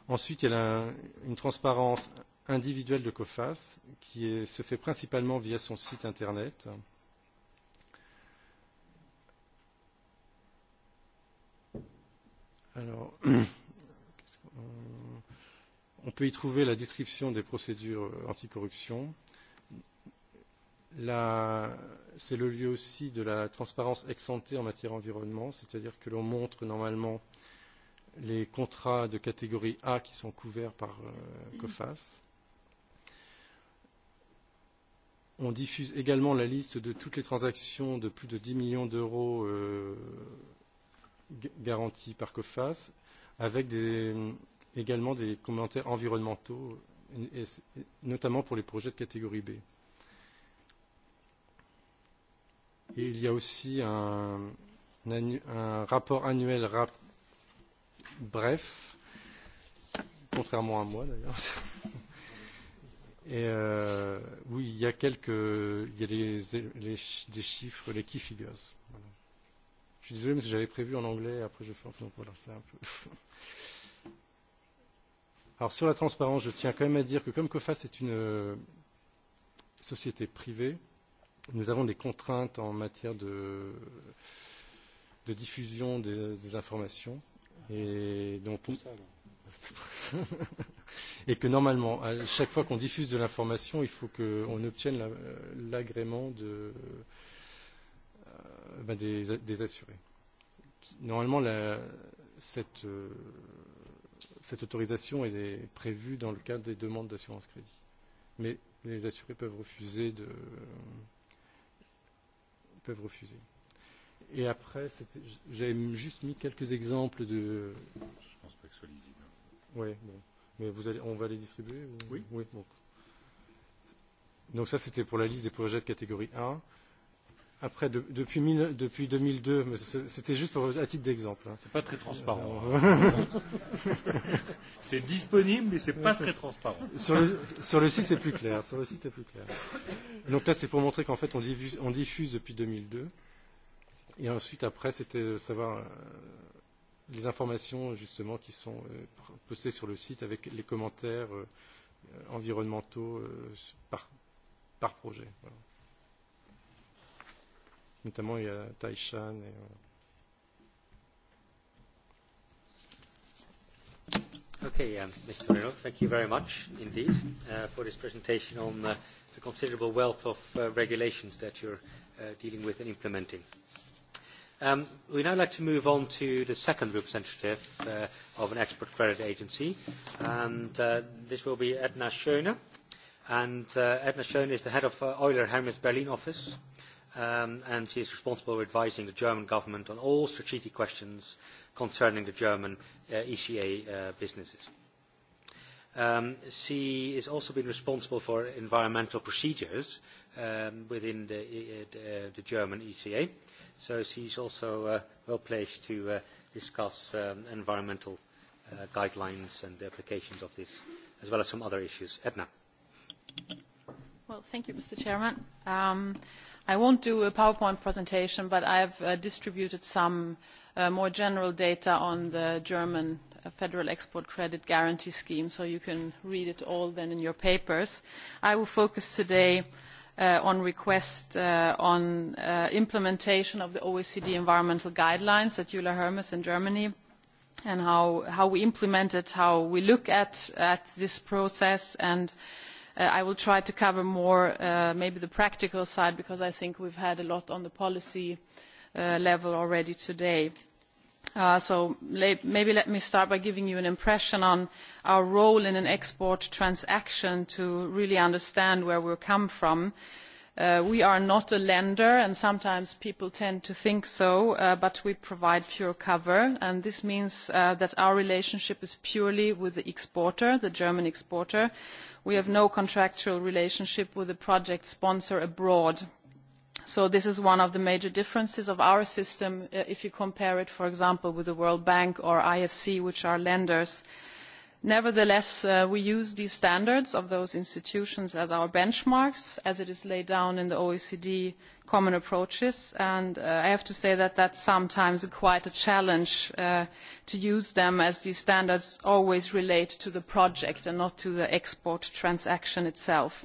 Ensuite, il y a la, une transparence individuelle de COFAS qui est, se fait principalement via son site internet. Alors, On peut y trouver la description des procédures euh, anticorruption. C'est le lieu aussi de la transparence ex ante en matière environnement, c'est-à-dire que l'on montre normalement les contrats de catégorie A qui sont couverts par euh, COFAS. On diffuse également la liste de toutes les transactions de plus de 10 millions d'euros euh, garanties par COFAS avec des, également des commentaires environnementaux, et, notamment pour les projets de catégorie B. Et il y a aussi un, un, un rapport annuel rap, bref, contrairement à moi d'ailleurs. Et euh, oui, il y a quelques, il y a les, les, les chiffres, les key figures. Voilà. Je suis désolé, mais j'avais prévu en anglais, après je fais, en français, voilà, c'est un peu. Alors sur la transparence, je tiens quand même à dire que comme COFAS est une euh, société privée, nous avons des contraintes en matière de, de diffusion des, des informations. Et donc, pour ça, et que normalement, à chaque fois qu'on diffuse de l'information, il faut qu'on obtienne l'agrément la, de, euh, ben des, des assurés. Normalement, la, cette, euh, cette autorisation elle est prévue dans le cadre des demandes d'assurance crédit. Mais les assurés peuvent refuser de peuvent refuser. Et après, j'ai juste mis quelques exemples de. Je pense pas que ce soit lisible. Oui, bon. Mais vous allez, on va les distribuer ou... Oui. Oui, bon. Donc ça, c'était pour la liste des projets de catégorie 1 après de, depuis, mille, depuis 2002, mais c'était juste pour, à titre d'exemple. Hein. C'est pas très transparent. Euh, c'est disponible, mais c'est pas très transparent. Sur le, sur le site, c'est plus clair. Sur le site, c'est plus clair. Donc là, c'est pour montrer qu'en fait, on diffuse, on diffuse depuis 2002. Et ensuite, après, c'était de savoir euh, les informations justement qui sont euh, postées sur le site avec les commentaires euh, environnementaux euh, par, par projet. Voilà notamment il y a Taishan et voilà. Okay, um, Mr. Reno, thank you very much indeed uh, for this presentation on uh, the considerable wealth of uh, regulations that you're uh, dealing with and implementing. Um, we now like to move on to the second representative uh, of an export credit agency, and uh, this will be Edna Schöne. And uh, Edna Schöne is the head of uh, Euler Hermes Berlin office. Uh, um, and she is responsible for advising the German government on all strategic questions concerning the German uh, ECA uh, businesses. Um, she has also been responsible for environmental procedures um, within the, uh, the uh, German ECA, so she's also uh, well placed to uh, discuss um, environmental uh, guidelines and the applications of this, as well as some other issues. Edna. Well, thank you, Mr. Chairman. Um, i won't do a PowerPoint presentation, but I've uh, distributed some uh, more general data on the German uh, Federal Export Credit Guarantee Scheme, so you can read it all then in your papers. I will focus today uh, on request uh, on uh, implementation of the OECD environmental guidelines at Euler Hermes in Germany and how, how we implement it, how we look at, at this process and uh, Uh, I will try to cover more uh, maybe the practical side because I think we've had a lot on the policy uh, level already today. maybe let me start by giving you an impression on our role in an export transaction to really understand where we come from. we are not a lender, and sometimes people tend to think so, but we provide pure cover, and this means that our relationship is purely with the exporter, the German exporter, we have no contractual relationship with the project sponsor abroad. So this is one of the major differences of our system uh, if you compare it, for example, with the World Bank or IFC, which are lenders. Nevertheless, uh, we use these standards of those institutions as our benchmarks, as it is laid down in the OECD common approaches. And uh, I have to say that that's sometimes quite a challenge uh, to use them as these standards always relate to the project and not to the export transaction itself.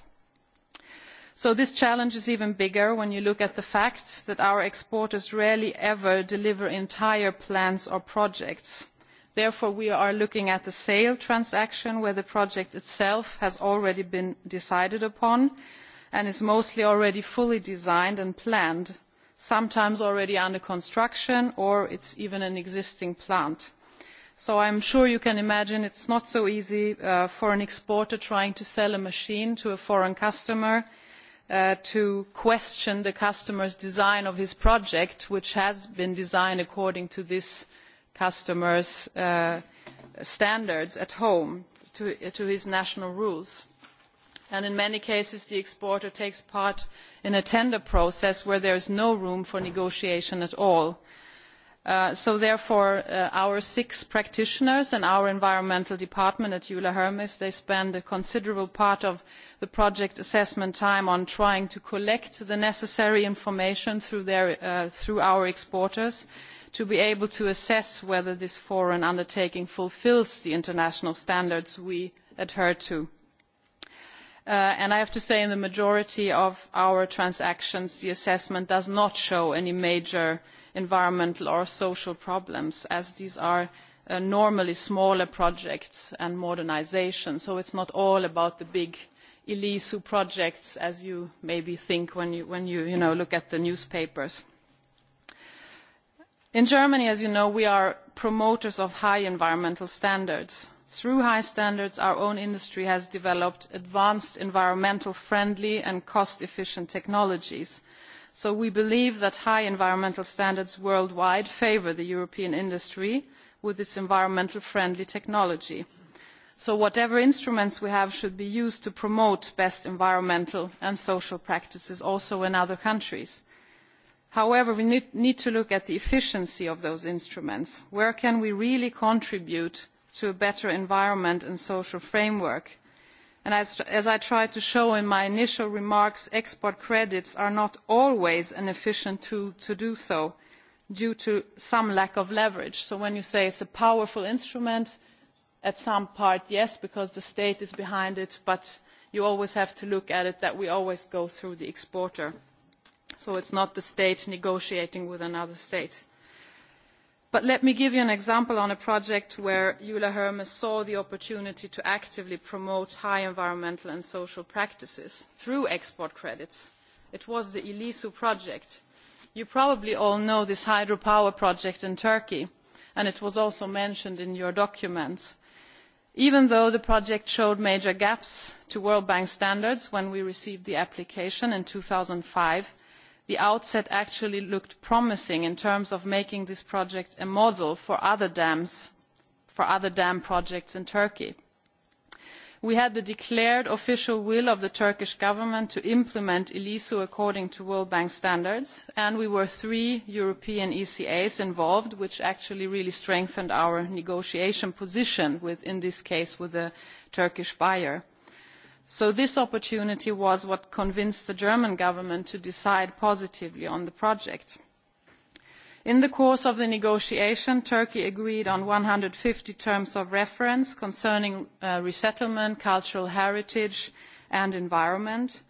So this challenge is even bigger when you look at the fact that our exporters rarely ever deliver entire plans or projects. Therefore, we are looking at a sale transaction where the project itself has already been decided upon, and is mostly already fully designed and planned sometimes already under construction or it is even an existing plant. so i am sure you can imagine it is not so easy uh, for an exporter trying to sell a machine to a foreign customer uh, to question the customer's design of his project which has been designed according to this customer's uh, standards at home to, to his national rules and in many cases the exporter takes part in a tender process where there is no room for negotiation at all. Uh, so therefore uh, our six practitioners and our environmental department at euler hermes they spend a considerable part of the project assessment time on trying to collect the necessary information through, their, uh, through our exporters to be able to assess whether this foreign undertaking fulfils the international standards we adhere to. Uh, and I have to say in the majority of our transactions, the assessment does not show any major environmental or social problems, as these are uh, normally smaller projects and modernisation. So it's not all about the big Elisu projects, as you maybe think when you, when you, you know, look at the newspapers. In Germany, as you know, we are promoters of high environmental standards Through high standards, our own industry has developed advanced environmental friendly and cost-efficient technologies. So we believe that high environmental standards worldwide favour the European industry with its environmental friendly technology. So whatever instruments we have should be used to promote best environmental and social practices also in other countries. However, we need to look at the efficiency of those instruments. Where can we really contribute to a better environment and social framework. And as, as I tried to show in my initial remarks, export credits are not always an efficient tool to do so due to some lack of leverage. So when you say it's a powerful instrument, at some part, yes, because the state is behind it, but you always have to look at it that we always go through the exporter. So it's not the state negotiating with another state. But let me give you an example on a project where Eula Hermes saw the opportunity to actively promote high environmental and social practices through export credits. It was the Elisu project. You probably all know this hydropower project in Turkey, and it was also mentioned in your documents. Even though the project showed major gaps to World Bank standards when we received the application in 2005, the outset actually looked promising in terms of making this project a model for other dams for other dam projects in turkey. we had the declared official will of the turkish government to implement elisu according to world bank standards and we were three european ecas involved which actually really strengthened our negotiation position with in this case with the turkish buyer So this opportunity was what convinced the German government to decide positively on the project. In the course of the negotiation, Turkey agreed on 150 terms of reference concerning uh, resettlement, cultural heritage and environment.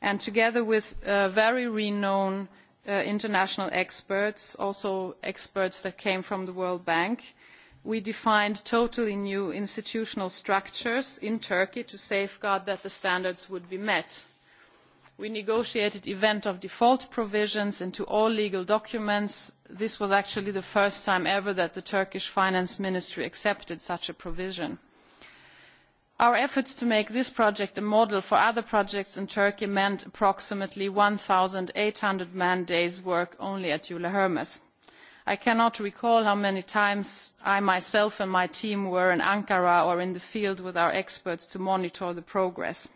And together with uh, very renowned uh, international experts, also experts that came from the World Bank, we defined totally new institutional structures in Turkey to safeguard that the standards would be met. We negotiated event of default provisions into all legal documents. This was actually the first time ever that the Turkish finance ministry accepted such a provision. Our efforts to make this project a model for other projects in Turkey meant approximately 1,800 man days work only at Euler Hermes i cannot recall how many times I myself and my team were in Ankara or in the field with our experts to monitor the progress.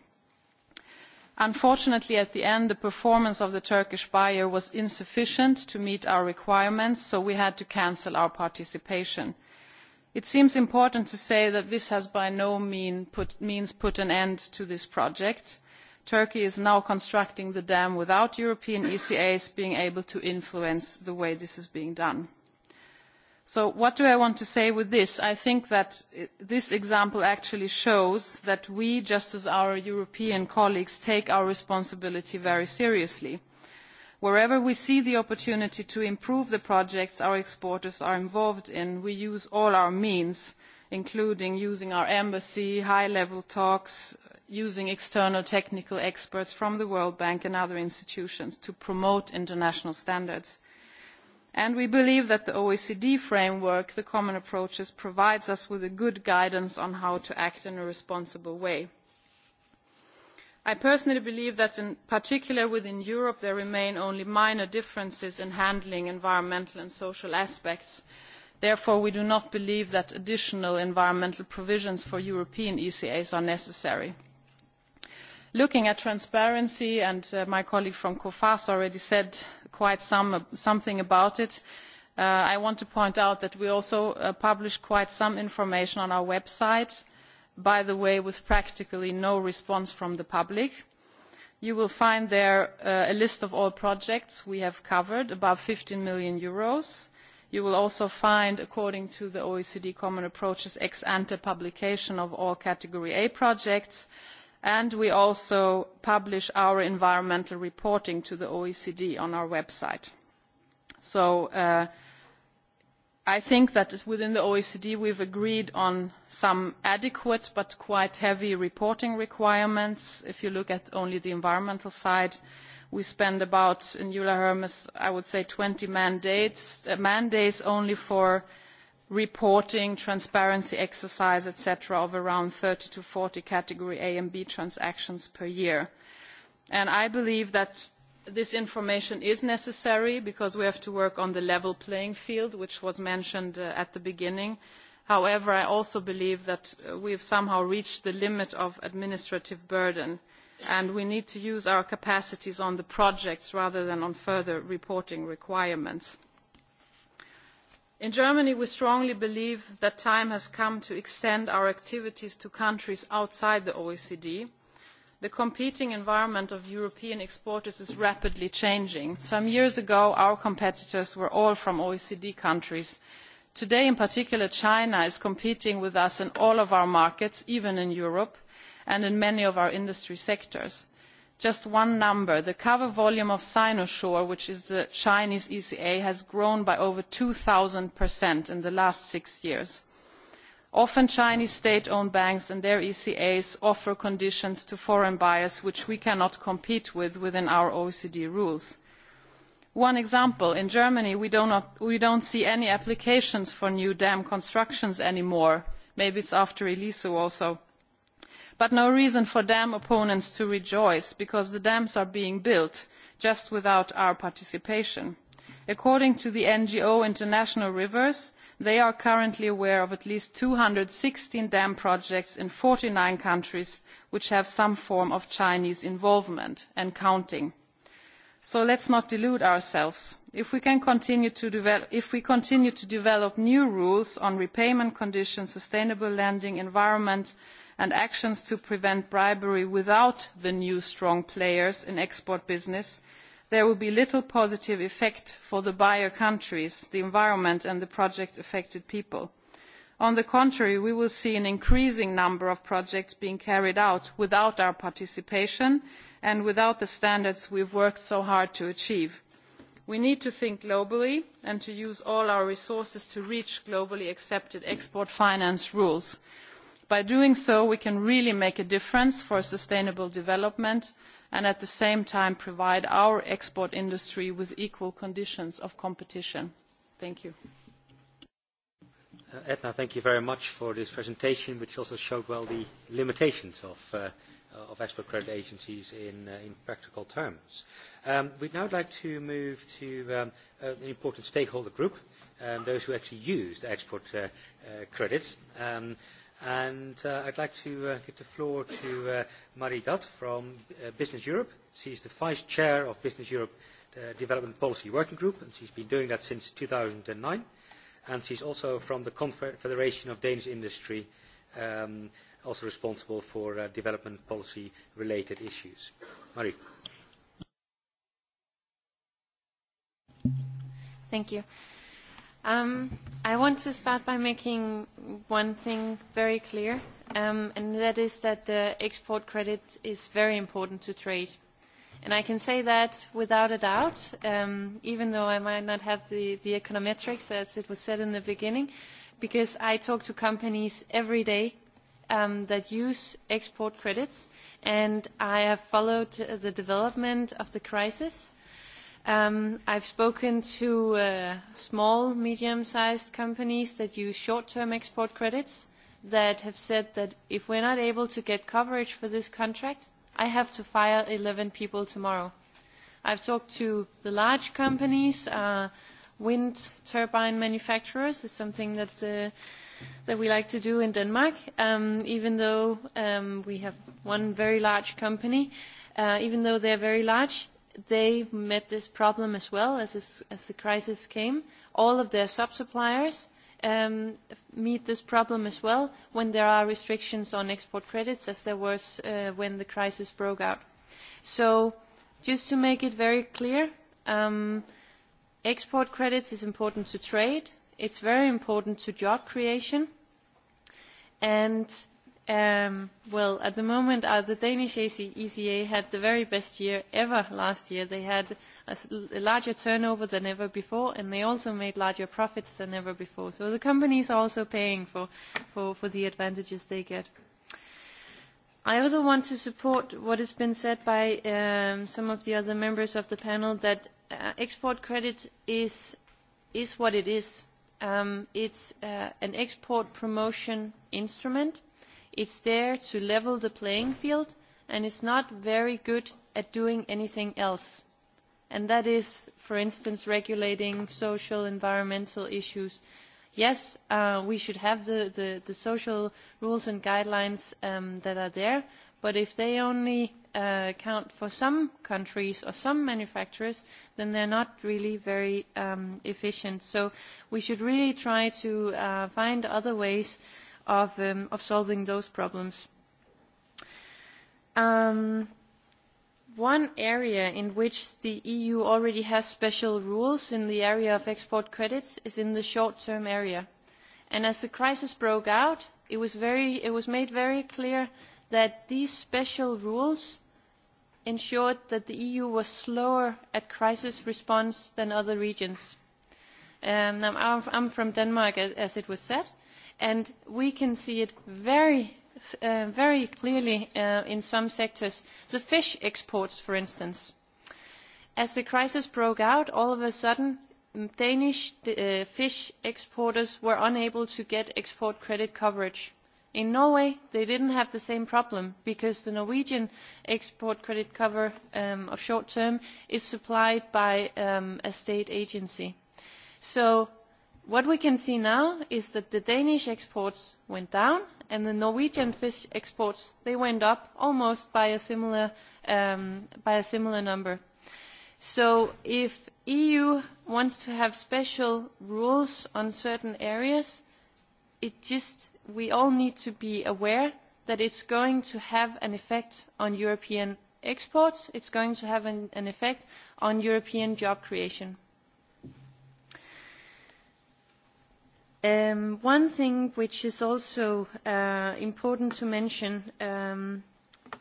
Unfortunately, at the end, the performance of the Turkish buyer was insufficient to meet our requirements, so we had to cancel our participation. It seems important to say that this has by no means put an end to this project Turkey is now constructing the dam without European ECAs being able to influence the way this is being done. So what do I want to say with this? I think that this example actually shows that we, just as our European colleagues, take our responsibility very seriously. Wherever we see the opportunity to improve the projects our exporters are involved in, we use all our means, including using our embassy, high-level talks, using external technical experts from the World Bank and other institutions to promote international standards. And we believe that the OECD framework, the common approaches, provides us with a good guidance on how to act in a responsible way. I personally believe that in particular within Europe there remain only minor differences in handling environmental and social aspects. Therefore, we do not believe that additional environmental provisions for European ECAs are necessary looking at transparency, and uh, my colleague from COFAS already said quite something about it, uh, I want to point out that we also uh, publish quite some information on our website, by the way, with practically no response from the public. You will find there a list of all projects we have covered, about 15 million euros. You will also find, according to the OECD Common Approaches, ex-ante publication of all Category A projects, and we also publish our environmental reporting to the OECD on our website. So uh, I think that within the OECD we've agreed on some adequate but quite heavy reporting requirements. If you look at only the environmental side, we spend about, in Euler Hermes, I would say 20 man days only for reporting transparency exercise etc of around 30 to 40 category A and B transactions per year i believe that this information is necessary because we have to work on the level playing field which was mentioned uh, at the beginning however i also believe that uh, we have somehow reached the limit of administrative burden and we need to use our capacities on the projects rather than on further reporting requirements in germany we strongly believe that the time has come to extend our activities to countries outside the oecd. the competing environment of european exporters is rapidly changing. some years ago our competitors were all from oecd countries. today in particular china is competing with us in all of our markets even in europe and in many of our industry sectors just one number the cover volume of sinosure which is the chinese eca has grown by over two thousand in the last six years. often chinese state owned banks and their ecas offer conditions to foreign buyers which we cannot compete with within our oecd rules. one example in germany we do not see any applications for new dam constructions any more maybe it is after eliso also but no reason for dam opponents to rejoice because the dams are being built just without our participation. according to the ngo international rivers they are currently aware of at least two hundred and sixteen dam projects in forty nine countries which have some form of chinese involvement and counting so let us not delude ourselves. If we, if we continue to develop new rules on repayment conditions sustainable lending environment and actions to prevent bribery without the new strong players in export business, there will be little positive effect for the buyer countries, the environment and the project affected people. On the contrary, we will see an increasing number of projects being carried out without our participation and without the standards we have worked so hard to achieve. We need to think globally and to use all our resources to reach globally accepted export finance rules by doing so, we can really make a difference for sustainable development and at the same time provide our export industry with equal conditions of competition. Thank you. Uh, Edna, thank you very much for this presentation, which also showed well the limitations of, uh, of export credit agencies in, uh, in practical terms. Um, we'd now like to move to um, uh, an important stakeholder group, um, those who actually use the export uh, uh, credits. Um, And uh, I'd like to uh, give the floor to uh, Marie Dutt from uh, Business Europe. She's the Vice Chair of Business Europe uh, Development Policy Working Group, and she's been doing that since 2009. And she's also from the Confederation of Danish Industry, um, also responsible for uh, development policy-related issues. Marie. Thank you. Um, I want to start by making one thing very clear, um, and that is that the export credit is very important to trade. And I can say that without a doubt, um, even though I might not have the, econometrics as was said in the beginning, because I talk to companies every day that use export credits, and I have followed the development of the crisis Um, I've spoken to uh, small, medium-sized companies that use short-term export credits that have said that if we're not able to get coverage for this contract, I have to fire 11 people tomorrow. I've talked to the large companies, uh, wind turbine manufacturers is something that, uh, that we like to do in Denmark, um, even though um, we have one very large company. Uh, even though they're very large, they met this problem as well as, this, as the crisis came. All of their sub-suppliers um, meet this problem as well when there are restrictions on export credits as there was uh, when the crisis broke out. So just to make it very clear, um, export credits is important to trade. It's very important to job creation. And Um, well, at the moment, uh, the Danish AC- ECA had the very best year ever last year. They had a, a larger turnover than ever before, and they also made larger profits than ever before. So the companies are also paying for, for, for the advantages they get. I also want to support what has been said by um, some of the other members of the panel that uh, export credit is, is what it is. Um, it's uh, an export promotion instrument – It's there to level the playing field and it's not very good at doing anything else. And that is, for instance, regulating social environmental issues. Yes, uh, we should have the, the, the social rules and guidelines um, that are there, but if they only uh, count for some countries or some manufacturers, then they're not really very um, efficient. So we should really try to uh, find other ways uh, of, um, of solving those problems. Um, one area in which the EU already has special rules in the area of export credits is in the short-term area. And as the crisis broke out, it was, very, it was made very clear that these special rules ensured that the EU was slower at crisis response than other regions. Um, I'm from Denmark, as it was said, and we can see it very uh, very clearly uh, in some sectors the fish exports for instance as the crisis broke out all of a sudden danish uh, fish exporters were unable to get export credit coverage in norway they didn't have the same problem because the norwegian export credit cover um, of short term is supplied by um, a state agency so what we can see now is that the Danish exports went down and the Norwegian fish exports, they went up almost by a similar, um, by a similar number. So if EU wants to have special rules on certain areas, it just, we all need to be aware that it's going to have an effect on European exports, it's going to have an effect on European job creation Um, one thing which is also uh, important to mention, um,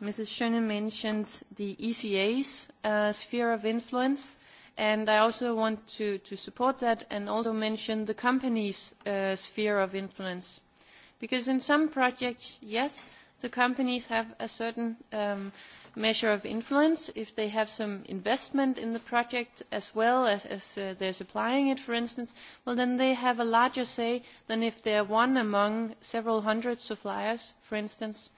Mrs. Schöne mentioned the ECA's uh, sphere of influence, and I also want to, to support that and also mention the company's uh, sphere of influence. Because in some projects, yes, uh, the companies have a certain um, measure of influence. If they have some investment in the project as well as, as uh, they're supplying it, for instance, well, then they have a larger say than if they're one among several hundred suppliers, for instance.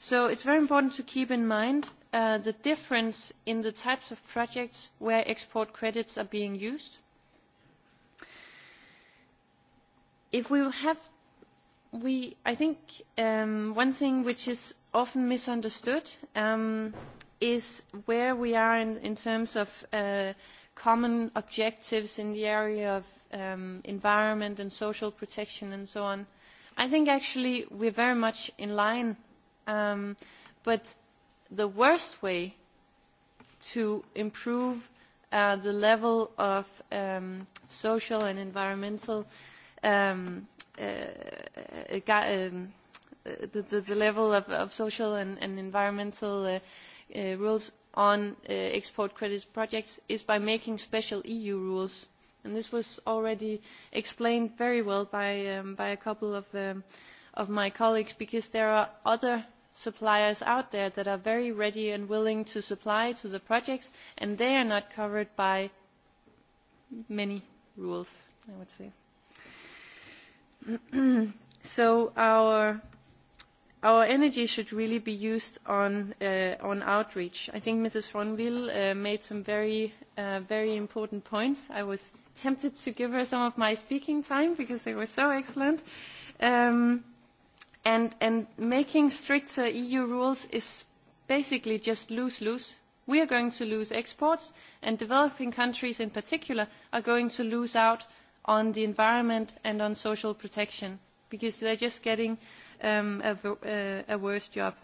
So it's very important to keep in mind uh, the difference in the types of projects where export credits are being used. If we have we, I think um, one thing which is often misunderstood um, is where we are in, in terms of uh, common objectives in the area of um, environment and social protection and so on. I think actually we're very much in line, um, but the worst way to improve uh, the level of um, social and environmental um, Uh, uh, um, uh, the, the, the level of, of social and, and environmental uh, uh, rules on uh, export credit projects is by making special EU rules. And this was already explained very well by, um, by a couple of, um, of my colleagues because there are other suppliers out there that are very ready and willing to supply to the projects and they are not covered by many rules, I would say. so our our energy should really be used on uh, on outreach. I think Mrs. Ronville uh, made some very uh, very important points. I was tempted to give her some of my speaking time because they were so excellent. Um, and and making stricter EU rules is basically just lose lose. We are going to lose exports, and developing countries in particular are going to lose out on the environment and on social protection because they're just getting um, a, uh, a worse job.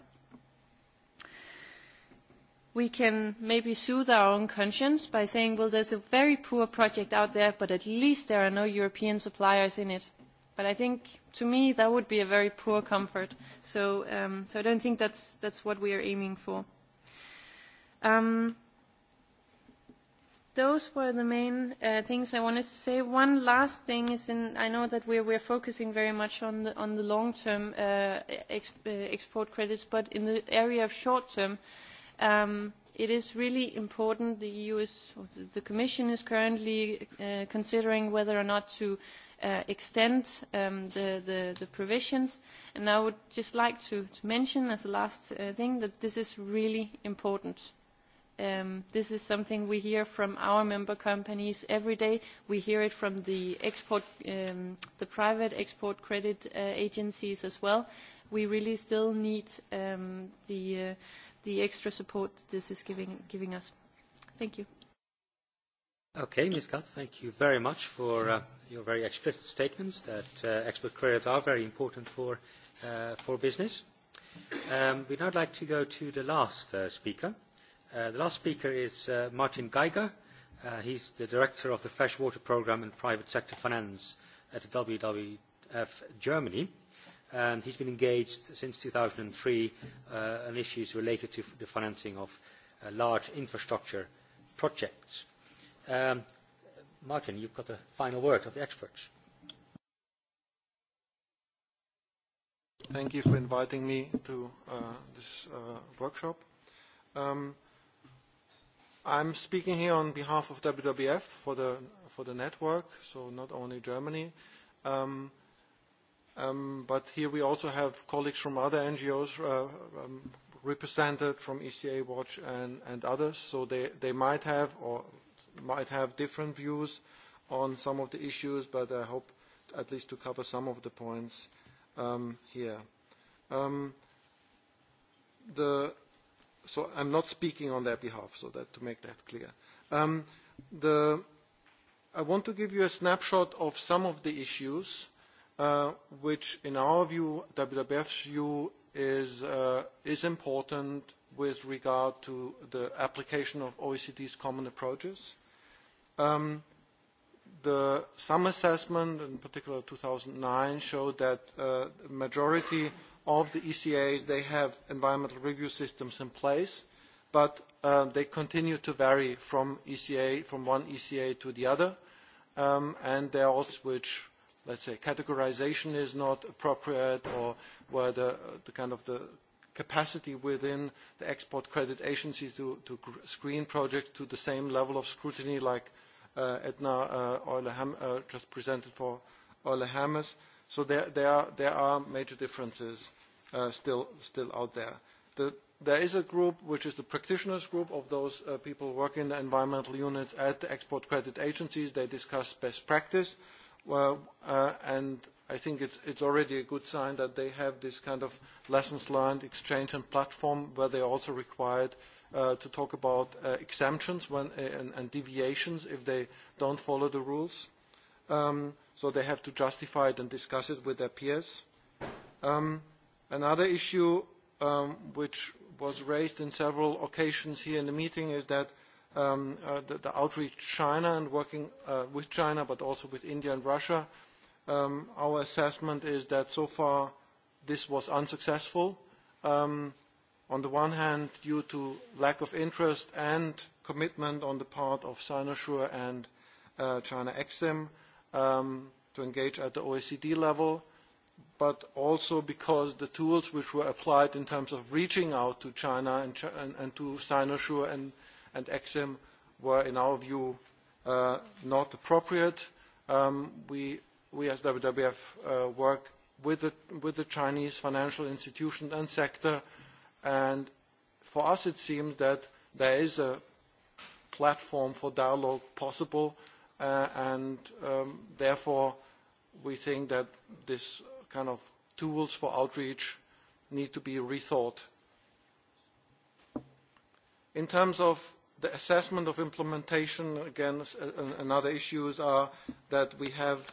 We can maybe soothe our own conscience by saying, well, there's a very poor project out there, but at least there are no European suppliers in it. But I think, to me, that would be a very poor comfort. So, um, so I don't think that's, that's what we are aiming for. Um, those were the main uh, things I wanted to say. One last thing is, in, I know that we're, we're focusing very much on the, on the long-term uh, ex, uh, export credits, but in the area of short-term, um, it is really important. The EU is, the Commission is currently uh, considering whether or not to uh, extend um, the, the, the provisions. And I would just like to, to mention as a last uh, thing that this is really important Um, this is something we hear from our member companies every day. We hear it from the, um, private export credit uh, agencies as well. We really still need um, uh, the, extra support this is giving, us. Thank you. Okay, Ms. Gatt, thank you very much for uh, your very explicit statements that uh, export credits are very important for, uh, for business. Um, we'd now like to go to the last uh, speaker, Uh, the last speaker is uh, Martin Geiger. Uh, he's the director of the Freshwater Programme and Private Sector Finance at the WWF Germany. And he's been engaged since 2003 uh, on issues related to the financing of uh, large infrastructure projects. Um, Martin, you've got the final word of the experts. Thank you for inviting me to uh, this uh, workshop. Um, I'm speaking here on behalf of WWF for the, for the network, so not only Germany. Um, um, but here we also have colleagues from other NGOs uh, um, represented from ECA Watch and, and others, so they, they might have or might have different views on some of the issues, but I hope at least to cover some of the points um, here. Um, the so I'm not speaking on their behalf, so that to make that clear. Um, the, I want to give you a snapshot of some of the issues uh, which, in our view, WWF's view, is, uh, is important with regard to the application of OECD's common approaches. Um, the some assessment, in particular 2009, showed that uh, the majority of the ECAs, they have environmental review systems in place, but uh, they continue to vary from ECA, from one ECA to the other, um, and there are also which, let's say, categorization is not appropriate or where the, the kind of the capacity within the export credit agency to, to screen projects to the same level of scrutiny like uh, Edna uh, Euler uh, just presented for Euler Hammers. So there, are, major differences uh, still, out there. there is a group which is the practitioners group of those uh, people working in the environmental units at the export credit agencies. They discuss best practice. Uh, and I think it's, already a good sign that they have this kind of lessons learned exchange and platform where they're also required to talk about exemptions and, deviations if they don't follow the rules. Um, so they have to justify it and discuss it with their peers. Um, another issue um, which was raised in several occasions here in the meeting is that um, uh, the, the outreach China and working uh, with China, but also with India and Russia. Um, our assessment is that so far this was unsuccessful. Um, on the one hand, due to lack of interest and commitment on the part of Sinosure and uh, China Exim, um, to engage at the OECD level, but also because the tools which were applied in terms of reaching out to China and, and, and to Sinosure and, and Exim were, in our view, uh, not appropriate. Um, we, we as WWF uh, work with the, with the Chinese financial institutions and sector, and for us it seems that there is a platform for dialogue possible Uh, and um, therefore, we think that this kind of tools for outreach need to be rethought. In terms of the assessment of implementation, again, uh, another issues are that we have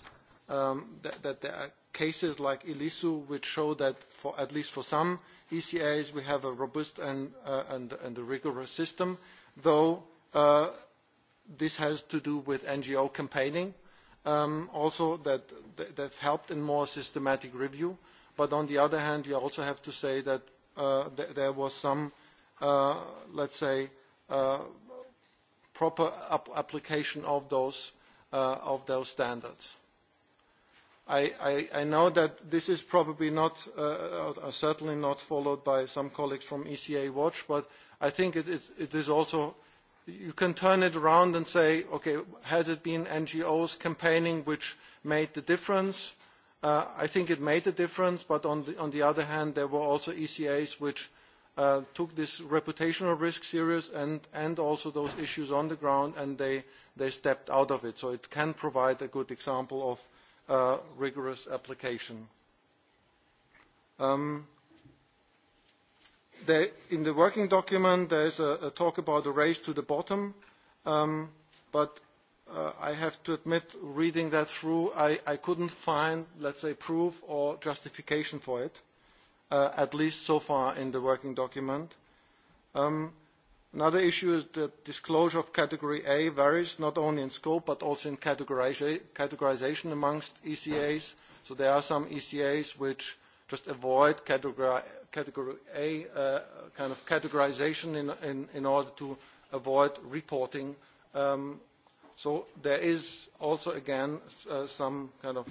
um, that, that there are cases like Elisu which show that for at least for some ECAs we have a robust and, uh, and, and a rigorous system, though uh, this has to do with NGO campaigning, um, also that, that helped in more systematic review. But on the other hand, you also have to say that uh, th there was some, uh, let's say, uh, proper ap application of those, uh, of those standards. I, I, I know that this is probably not, uh, uh, certainly not followed by some colleagues from ECA Watch, but I think it, it, it is also you can turn it around and say, okay, has it been NGOs campaigning which made the difference? Uh, I think it made a difference, but on the, on the other hand, there were also ECAs which uh, took this reputational risk serious and, and also those issues on the ground, and they, they stepped out of it. So it can provide a good example of uh, rigorous application. Um, There, in the working document, there is a, a talk about a race to the bottom, um, but uh, I have to admit, reading that through, I, I couldn't find, let's say, proof or justification for it, uh, at least so far in the working document. Um, another issue is that disclosure of Category A varies not only in scope but also in categorization amongst ECAs. So there are some ECAs which just avoid category, category A uh, kind of categorization in, in, in order to avoid reporting. Um, so there is also, again, uh, some kind of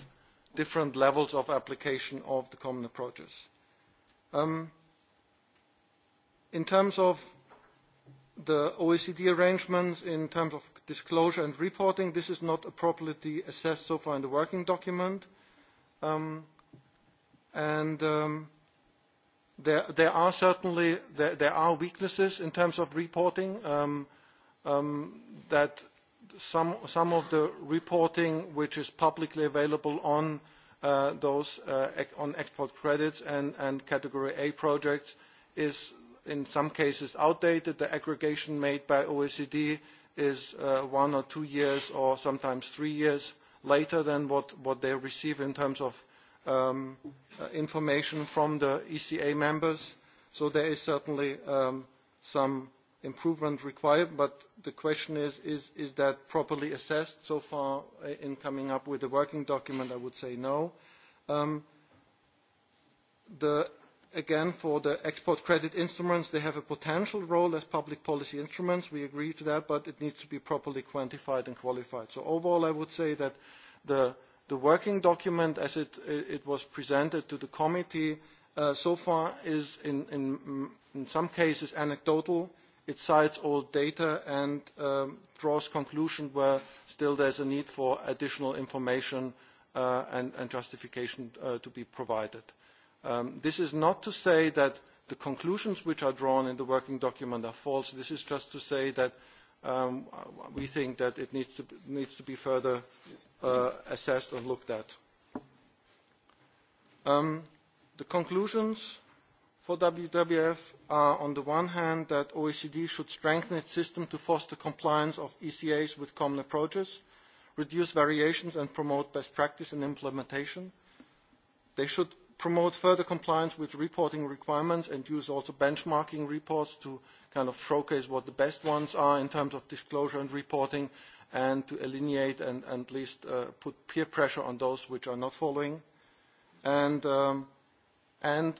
different levels of application of the common approaches. Um, in terms of the OECD arrangements, in terms of disclosure and reporting, this is not appropriately assessed so far in the working document. Um, and um, there, there are certainly there, there are weaknesses in terms of reporting um, um, that some, some of the reporting which is publicly available on uh, those uh, on export credits and, and category A projects is in some cases outdated. The aggregation made by OECD is uh, one or two years or sometimes three years later than what, what they receive in terms of um, uh, information from the ECA members. So there is certainly um, some improvement required, but the question is, is, is that properly assessed so far uh, in coming up with a working document? I would say no. Um, the, again, for the export credit instruments, they have a potential role as public policy instruments. We agree to that, but it needs to be properly quantified and qualified. So overall, I would say that the The working document, as it, it was presented to the committee uh, so far, is in, in, mm, in some cases anecdotal. It cites old data and um, draws conclusions where still there's a need for additional information uh, and, and justification uh, to be provided. Um, this is not to say that the conclusions which are drawn in the working document are false. This is just to say that Um, we think that it needs to, needs to be further uh, assessed and looked at. Um, the conclusions for WWF are on the one hand that OECD should strengthen its system to foster compliance of ECAs with common approaches, reduce variations and promote best practice in implementation. They should promote further compliance with reporting requirements and use also benchmarking reports to kind of showcase what the best ones are in terms of disclosure and reporting and to alienate and, at least uh, put peer pressure on those which are not following. And, um, and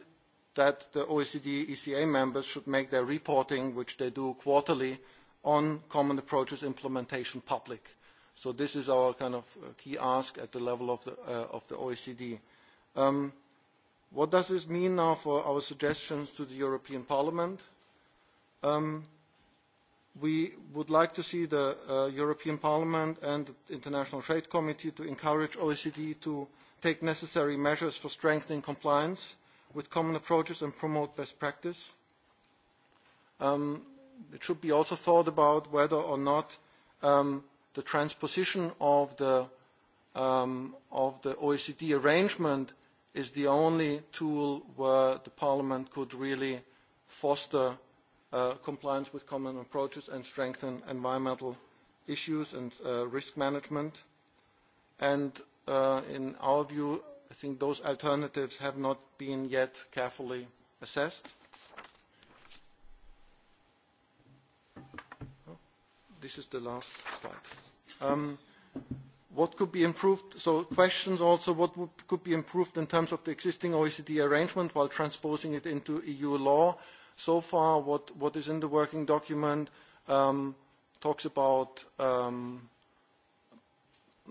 that the OECD ECA members should make their reporting, which they do quarterly, on common approaches implementation public. So this is our kind of uh, key ask at the level of the, uh, of the OECD. Um, what does this mean now for our suggestions to the European Parliament? Um, we would like to see the uh, European Parliament and the International Trade Committee to encourage OECD to take necessary measures for strengthening compliance with common approaches and promote best practice. Um, it should be also thought about whether or not um, the transposition of the, um, of the OECD arrangement is the only tool where the Parliament could really foster Uh, compliance with common approaches and strengthen environmental issues and uh, risk management. And uh, in our view, I think those alternatives have not been yet carefully assessed. Oh, this is the last slide. Um, what could be improved? So questions also, what would, could be improved in terms of the existing OECD arrangement while transposing it into EU law? So far, what, what is in the working document um, talks about um,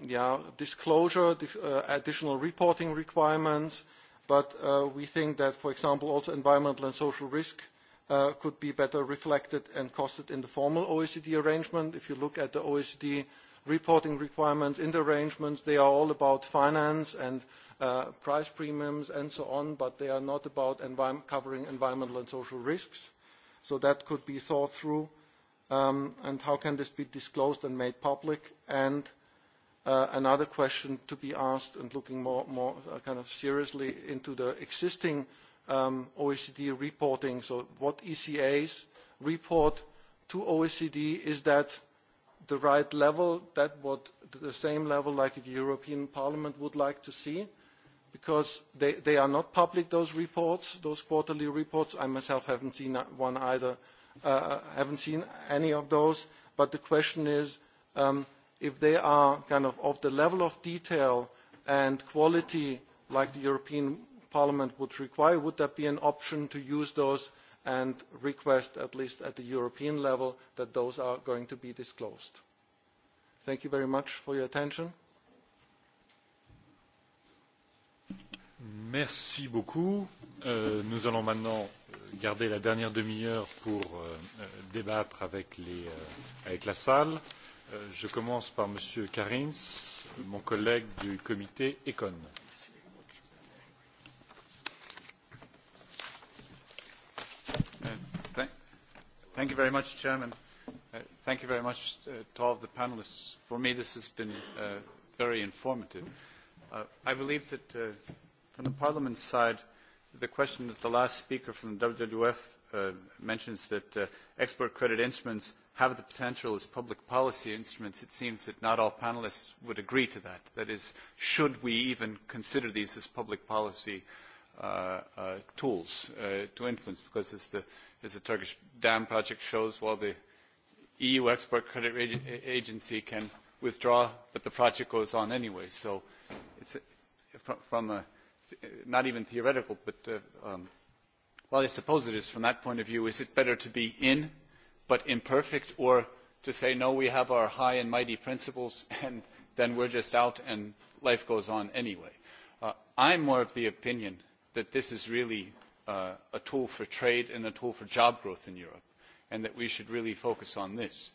yeah, disclosure, uh, additional reporting requirements, but uh, we think that, for example, also environmental and social risk uh, could be better reflected and costed in the formal OECD arrangement. If you look at the OECD reporting requirements in the arrangements, they are all about finance and Uh, price premiums and so on, but they are not about covering environmental and social risks. So that could be thought through. Um, and how can this be disclosed and made public? And uh, another question to be asked and looking more, more uh, kind of seriously into the existing um, OECD reporting. So what ECAs report to OECD is that the right level, that what the same level like the European Parliament would like to see, because they, they are not public, those reports, those quarterly reports. I myself haven't seen one either, uh, uh, haven't seen any of those. But the question is um, if they are kind of of the level of detail and quality like the European Parliament would require, would that be an option to use those and request, at least at the European level, that those are going to be disclosed? Thank you very much for your attention. Merci beaucoup. Euh, nous allons maintenant garder la dernière demi-heure pour euh, euh débattre avec, les, euh, avec la salle. Euh, je commence par M. Karins, mon collègue du comité ECON. Uh, thank, thank you very much, Chairman. Uh, thank you very much uh, to all of the panelists. For me, this has been uh, very informative. Uh, I believe that uh, From the Parliament side, the question that the last speaker from the WWF uh, mentions that uh, export credit instruments have the potential as public policy instruments, it seems that not all panelists would agree to that. That is, should we even consider these as public policy uh, uh, tools uh, to influence? Because as the, as the Turkish dam project shows, while the EU Export Credit Agency can withdraw, but the project goes on anyway. So it's a, from, from a not even theoretical, but uh, um, well, I suppose it is from that point of view. Is it better to be in but imperfect, or to say no, we have our high and mighty principles, and then we're just out and life goes on anyway? Uh, I'm more of the opinion that this is really uh, a tool for trade and a tool for job growth in Europe, and that we should really focus on this.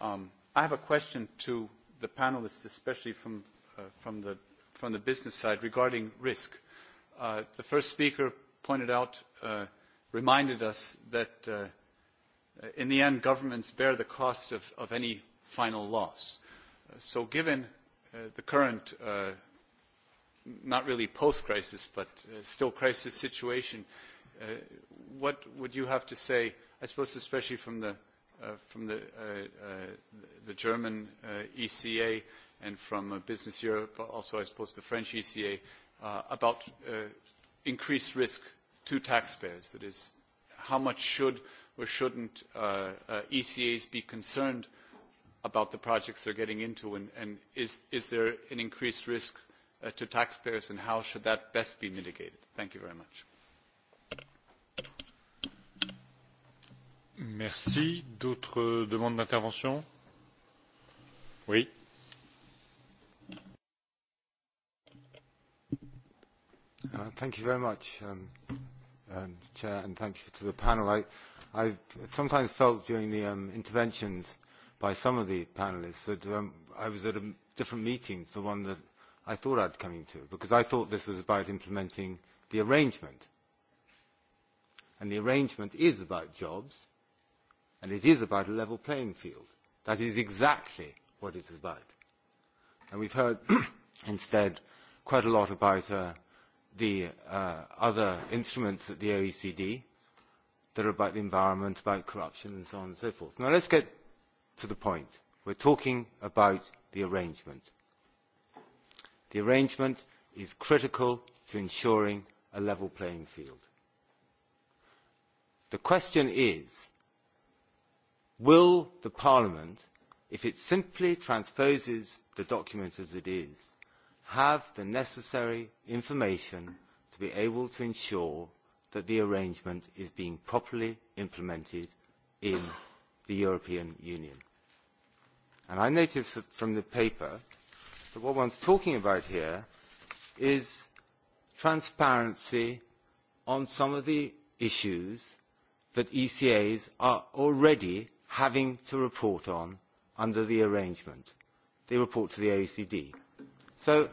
Um, I have a question to the panelists, especially from, uh, from, the, from the business side, regarding risk. Uh, Uh, the first speaker pointed out, uh, reminded us that uh, in the end governments bear the cost of, of any final loss. Uh, so given uh, the current, not really post-crisis, but still crisis situation, what would you have to say, I suppose especially from the, from the, the German ECA and from Business Europe, also I suppose the French ECA, uh, about uh, increased risk to taxpayers. That is, how much should or shouldn't uh, uh, ECAs be concerned about the projects they're getting into, and, and is, is there an increased risk uh, to taxpayers, and how should that best be mitigated? Thank you very much. Merci. D'autres demandes d'intervention Oui. Uh, thank you very much, um, um, Chair, and thank you to the panel. I, I've sometimes felt during the um, interventions by some of the panelists that um, I was at a different meeting to the one that I thought I'd coming to, because I thought this was about implementing the arrangement. And the arrangement is about jobs, and it is about a level playing field. That is exactly what it's about. And we've heard instead quite a lot about uh, the uh, other instruments at the OECD that are about the environment, about corruption, and so on and so forth. Now let's get to the point. We're talking about the arrangement. The arrangement is critical to ensuring a level playing field. The question is, will the Parliament, if it simply transposes the document as it is, have the necessary information to be able to ensure that the arrangement is being properly implemented in the European Union. And I notice that from the paper that what one's talking about here is transparency on some of the issues that ECAs are already having to report on under the arrangement. They report to the OECD. So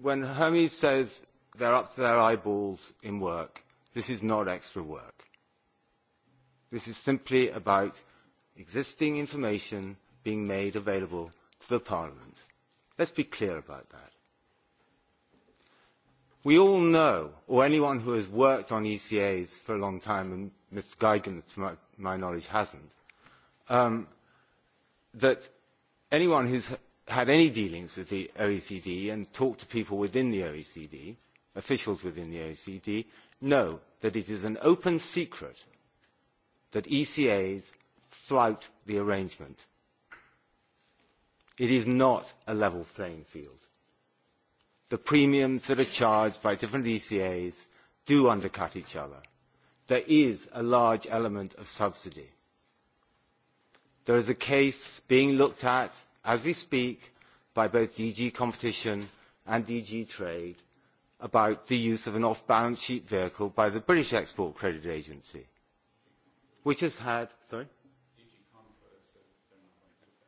when Hermes says they're up to their eyeballs in work, this is not extra work. This is simply about existing information being made available to the Parliament. Let's be clear about that. We all know, or anyone who has worked on ECAs for a long time, and Ms. Geigen, to my, my knowledge, hasn't, um, that anyone who's had any dealings with the OECD and talked to people within the OECD, officials within the OECD, know that it is an open secret that ECAs flout the arrangement. It is not a level playing field. The premiums that are charged by different ECAs do undercut each other. There is a large element of subsidy. There is a case being looked at as we speak by both DG Competition and DG Trade about the use of an off-balance sheet vehicle by the British Export Credit Agency, which has had... Sorry?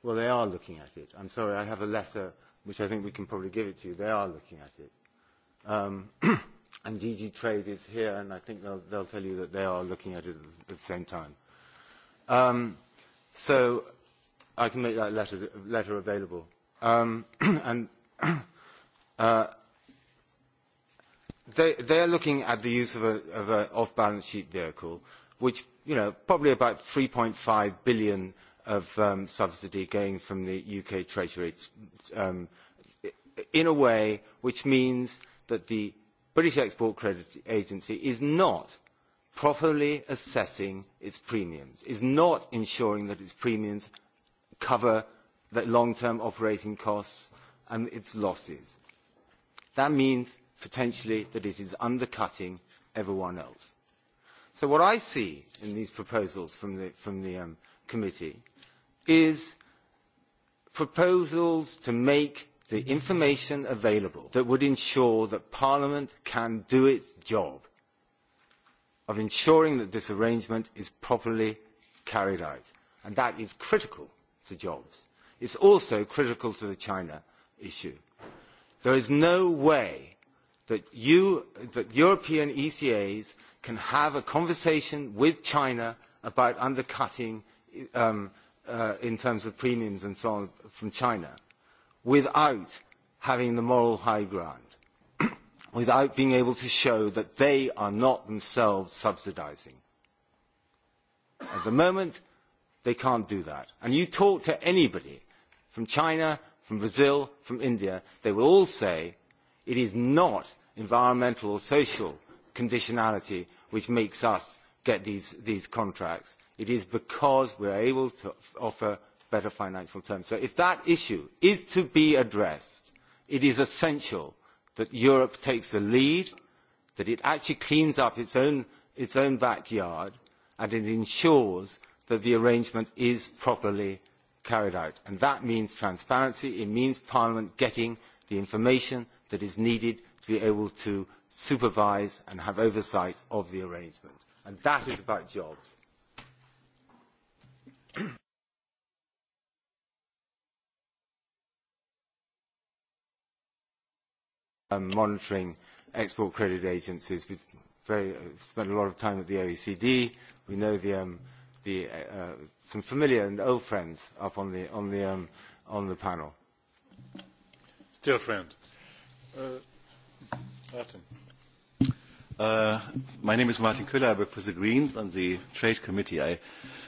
Well, they are looking at it. I'm sorry, I have a letter which I think we can probably give it to you. They are looking at it. Um, and DG Trade is here, and I think they'll, they'll tell you that they are looking at it at the same time. Um, so i can make that letter, letter available. Um, and uh, they, are looking at the use of an of a off-balance sheet vehicle, which, you know, probably about 3.5 billion of um, subsidy going from the UK Treasury um, in a way which means that the British Export Credit Agency is not properly assessing its premiums, is not ensuring that its premiums cover the long-term operating costs and its losses. That means potentially that it is undercutting everyone else. So what I see in these proposals from the, um, committee is proposals to make the information available that would ensure that Parliament can do its job of ensuring that this arrangement is properly carried out. And that is critical to jobs. It is also critical to the China issue. There is no way that, you, that European ECAs can have a conversation with China about undercutting um, uh, in terms of premiums and so on from China without having the moral high ground, without being able to show that they are not themselves subsidising. At the moment, They can't do that. And you talk to anybody from China, from Brazil, from India, they will all say it is not environmental or social conditionality which makes us get these, these contracts. It is because we are able to offer better financial terms. So if that issue is to be addressed, it is essential that Europe takes the lead, that it actually cleans up its own, its own backyard, and it ensures that the arrangement is properly carried out. And that means transparency. It means Parliament getting the information that is needed to be able to supervise and have oversight of the arrangement. And that is about jobs. Um, monitoring export credit agencies. We have uh, spent a lot of time at the OECD. We know the um, the, uh, uh, some familiar and old friends up on the, on the, um, on the panel. Still friend. Uh, Martin. Uh, my name is Martin Köhler. I work for the Greens on the Trade Committee. I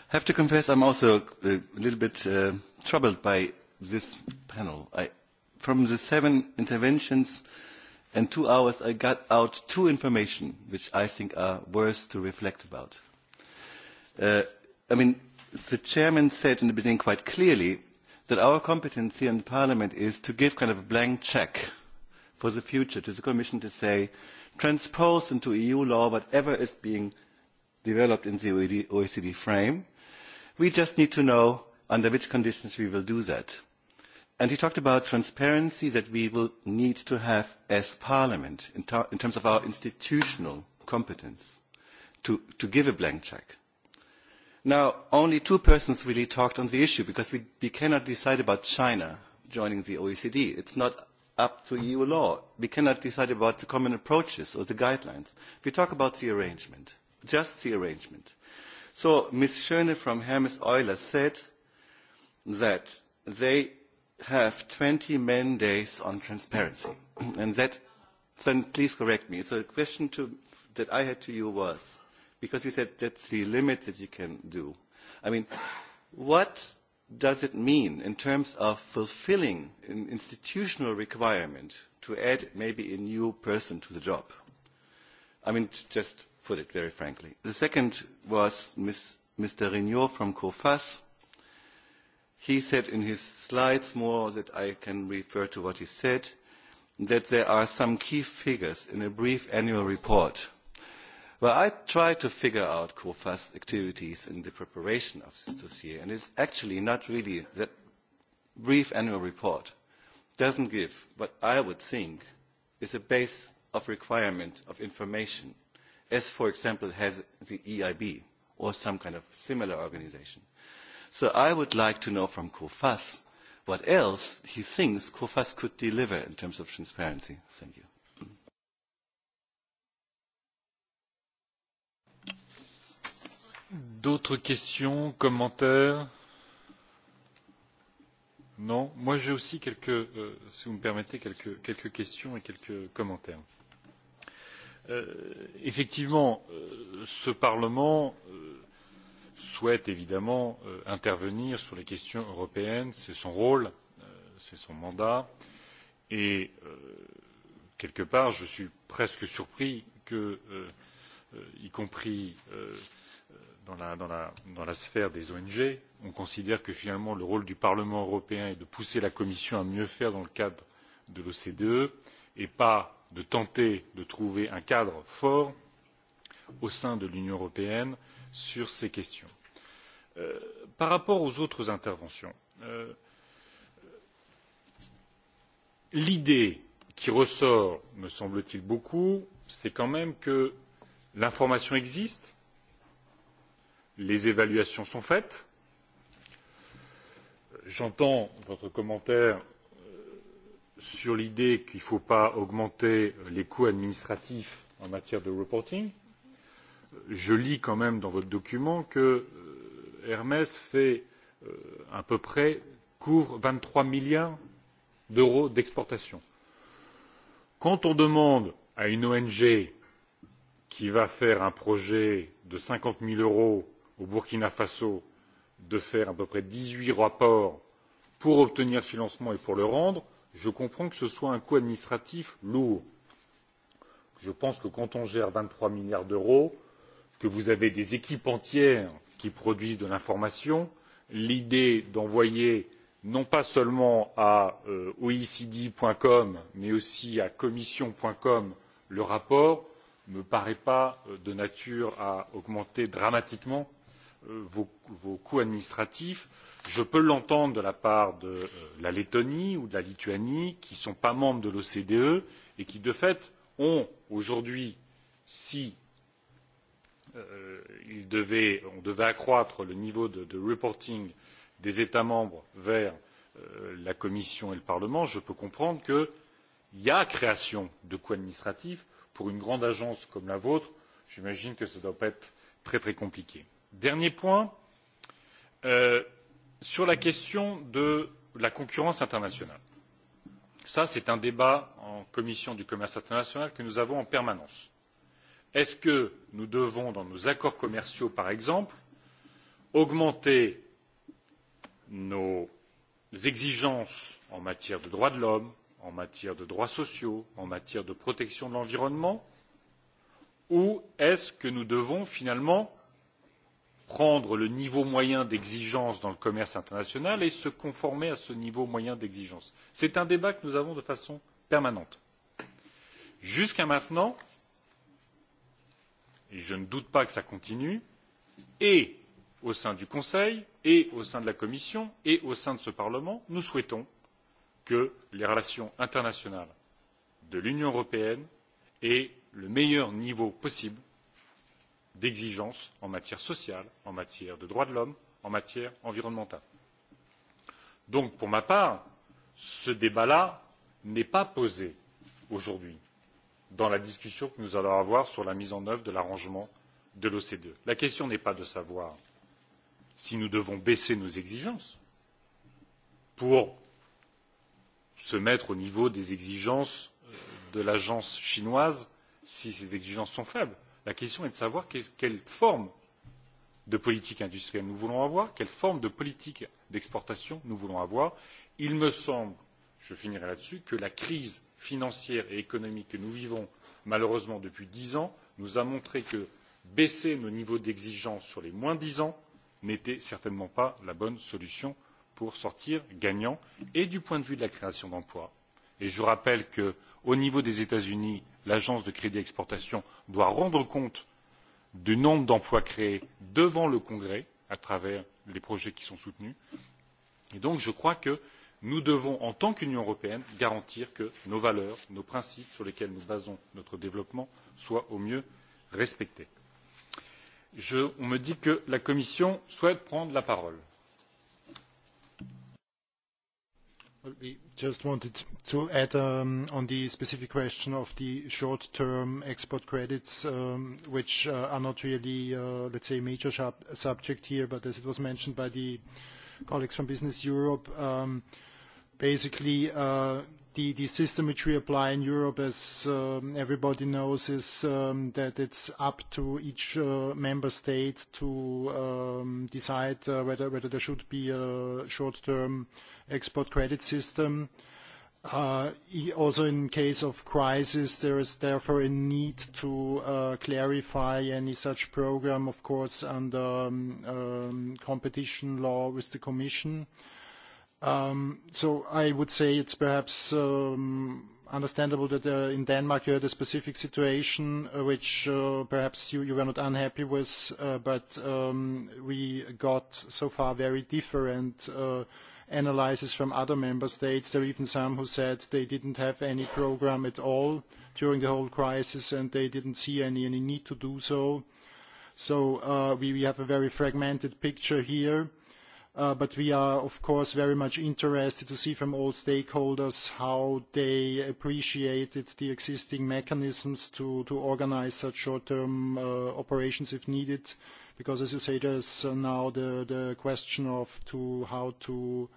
have to confess I'm also a little bit uh, troubled by this panel. I, from the seven interventions and two hours, I got out two information which I think are worth to reflect about. Uh, i mean, the chairman said in the beginning quite clearly that our competence here in Parliament is to give kind of a blank check for the future to the Commission to say, transpose into EU law whatever is being developed in the OECD e frame. We just need to know under which conditions we will do that. And he talked about transparency that we will need to have as Parliament in, in terms of our institutional competence to, to give a blank check. Now, only two persons really talked on the issue because we, we cannot decide about China joining the OECD. It's not up to EU law. We cannot decide about the common approaches or the guidelines. We talk about the arrangement, just the arrangement. So Ms. Schöne from Hermes Euler said that they have 20 man days on transparency. and that, then please correct me. So the question to, that I had to you was, because you said that's the limit that you can do. I mean, what does it mean in terms of fulfilling an institutional requirement to add maybe a new person to the job? I mean, just put it very frankly. The second was Ms. Mr. Regnault from COFAS. He said in his slides more that I can refer to what he said, that there are some key figures in a brief annual report Well, I tried to figure out COFAS activities in the preparation of this dossier, and it's actually not really that brief annual report doesn't give what I would think is a base of requirement of information, as, for example, has the EIB or some kind of similar organization. So I would like to know from COFAS what else he thinks COFAS could deliver in terms of transparency. Thank you. D'autres questions, commentaires Non Moi j'ai aussi quelques, euh, si vous me permettez, quelques, quelques questions et quelques commentaires. Euh, effectivement, euh, ce Parlement euh, souhaite évidemment euh, intervenir sur les questions européennes, c'est son rôle, euh, c'est son mandat, et euh, quelque part je suis presque surpris que, euh, euh, y compris euh, dans la, dans, la, dans la sphère des ong on considère que finalement le rôle du parlement européen est de pousser la commission à mieux faire dans le cadre de l'ocde et pas de tenter de trouver un cadre fort au sein de l'union européenne sur ces questions. Euh, par rapport aux autres interventions euh, l'idée qui ressort me semble t il beaucoup c'est quand même que l'information existe les évaluations sont faites. j'entends votre commentaire euh, sur l'idée qu'il ne faut pas augmenter les coûts administratifs en matière de reporting. je lis quand même dans votre document que euh, hermès fait euh, à peu près couvre 23 milliards d'euros d'exportation. quand on demande à une ong qui va faire un projet de 50 000 euros au burkina faso de faire à peu près dix huit rapports pour obtenir le financement et pour le rendre je comprends que ce soit un coût administratif lourd. je pense que quand on gère vingt trois milliards d'euros que vous avez des équipes entières qui produisent de l'information l'idée d'envoyer non pas seulement à euh, oecd com mais aussi à commission com le rapport ne me paraît pas euh, de nature à augmenter dramatiquement Euh, vos, vos coûts administratifs je peux l'entendre de la part de euh, la lettonie ou de la lituanie qui ne sont pas membres de l'ocde et qui de fait ont aujourd'hui si euh, devait, on devait accroître le niveau de, de reporting des états membres vers euh, la commission et le parlement je peux comprendre qu'il y a création de coûts administratifs pour une grande agence comme la vôtre j'imagine que cela ne doit pas être très très compliqué dernier point euh, sur la question de la concurrence internationale c'est un débat en commission du commerce international que nous avons en permanence est ce que nous devons dans nos accords commerciaux par exemple augmenter nos exigences en matière de droits de l'homme en matière de droits sociaux en matière de protection de l'environnement ou est ce que nous devons finalement prendre le niveau moyen d'exigence dans le commerce international et se conformer à ce niveau moyen d'exigence. c'est un débat que nous avons de façon permanente. jusqu'à maintenant et je ne doute pas que cela continue et au sein du conseil et au sein de la commission et au sein de ce parlement nous souhaitons que les relations internationales de l'union européenne aient le meilleur niveau possible d'exigences en matière sociale, en matière de droits de l'homme, en matière environnementale. Donc, pour ma part, ce débat là n'est pas posé aujourd'hui dans la discussion que nous allons avoir sur la mise en œuvre de l'arrangement de l'OCDE. La question n'est pas de savoir si nous devons baisser nos exigences pour se mettre au niveau des exigences de l'agence chinoise si ces exigences sont faibles la question est de savoir quelle forme de politique industrielle nous voulons avoir quelle forme de politique d'exportation nous voulons avoir. il me semble je finirai là dessus que la crise financière et économique que nous vivons malheureusement depuis dix ans nous a montré que baisser nos niveaux d'exigence sur les moins dix ans n'était certainement pas la bonne solution pour sortir gagnant et du point de vue de la création d'emplois et je rappelle qu'au niveau des états unis l'agence de crédit d'exportation doit rendre compte du nombre d'emplois créés devant le congrès à travers les projets qui sont soutenus et donc je crois que nous devons en tant qu'union européenne garantir que nos valeurs nos principes sur lesquels nous basons notre développement soient au mieux respectés. on me dit que la commission souhaite prendre la parole. We just wanted to add um, on the specific question of the short-term export credits, um, which uh, are not really, uh, let's say, a major subject here, but as it was mentioned by the colleagues from Business Europe, um, basically uh, the, system which we apply in Europe, as um, everybody knows, is um, that it's up to each uh, member state to um, decide uh, whether, there should be a short-term export credit system. E, also in case of crisis, there is therefore a need to clarify any such program, of course, under competition law with the Commission. Um, so I would say it's perhaps um, understandable that uh, in Denmark you had a specific situation uh, which uh, perhaps you, were not unhappy with, but um, we got so far very different analyses from other member states. There are even some who said they didn't have any program at all during the whole crisis, and they didn't see any, need to do so. So we have a very fragmented picture here. Uh, but we are, of course, very much interested to see from all stakeholders how they appreciated the existing mechanisms to, organize such short-term uh, operations if needed, because, as you say, there's uh, now the, question of how to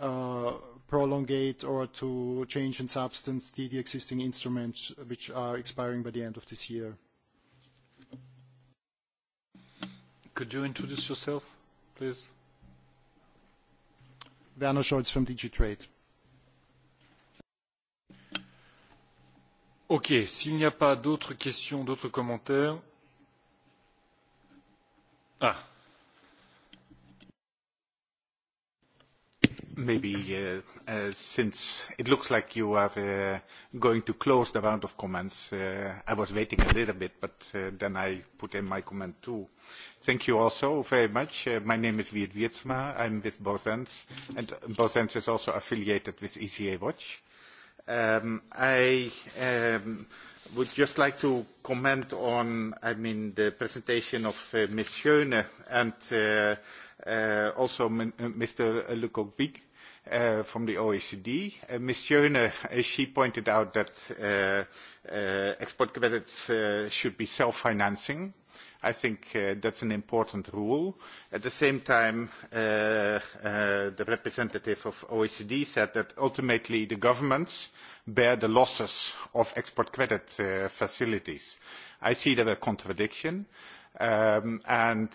uh, prolongate or to change in substance the existing instruments which are expiring by the end of this year. Could you introduce yourself, please? Werner Scholz from DG Trade. Ok, s'il n'y a pas d'autres questions, d'autres commentaires. Ah. Maybe uh, uh, since it looks like you are uh, going to close the round of comments, uh, I was waiting a little bit, but uh, then I put in my comment too. Thank you also very much. Uh, my name is Wiert Wiertsma. I'm with Bosens, and Bosens is also affiliated with ECA Watch. Um, I um, would just like to comment on, I mean, the presentation of uh, Ms. Schöne and uh, uh, also Mr. Uh, Lukovic. Uh, from the OECD. Uh, Ms. Schöne, uh, she pointed out that uh, uh, export credits should be self-financing. I think uh, that's an important rule. At the same time, uh, uh, the representative of OECD said that ultimately the governments bear the losses of export credit uh, facilities. I see that a contradiction. Um, and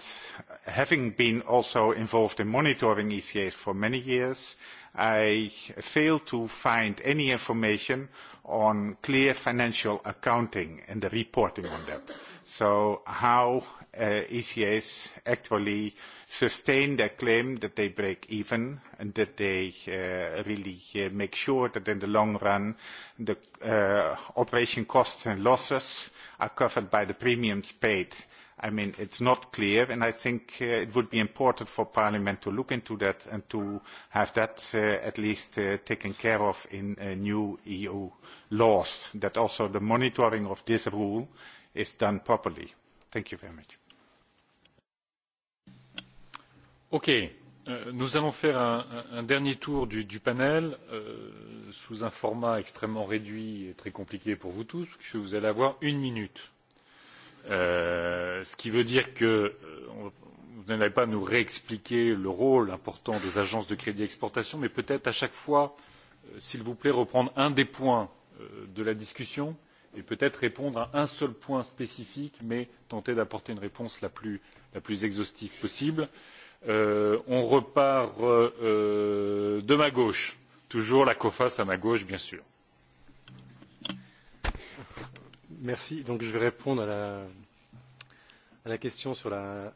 having been also involved in monitoring ECAs for many years, I fail to find any information on clear financial accounting and the reporting on that. So how uh, ECAs actually sustain their claim that they break even and that they uh, really uh, make sure that in the long run the uh, operation costs and losses are covered by the premiums paid. I mean, it's not clear, and I think uh, it would be important for Parliament to look into that and to have that uh, at least uh, taken care of in uh, new EU laws, that also the monitoring of this rule is done properly. Thank you very much. Okay. Euh, nous allons faire un, un dernier tour du, du panel euh, sous un format extrêmement réduit et très compliqué pour vous tous, puisque vous allez avoir une minute. Euh, ce qui veut dire que euh, vous n'allez pas nous réexpliquer le rôle important des agences de crédit exportation, mais peut-être à chaque fois, euh, s'il vous plaît, reprendre un des points euh, de la discussion et peut être répondre à un seul point spécifique mais tenter d'apporter une réponse la plus, exhaustive possible. Euh, on repart euh, de ma gauche toujours la coface à ma gauche bien sûr. je vais répondre à la, question sur la,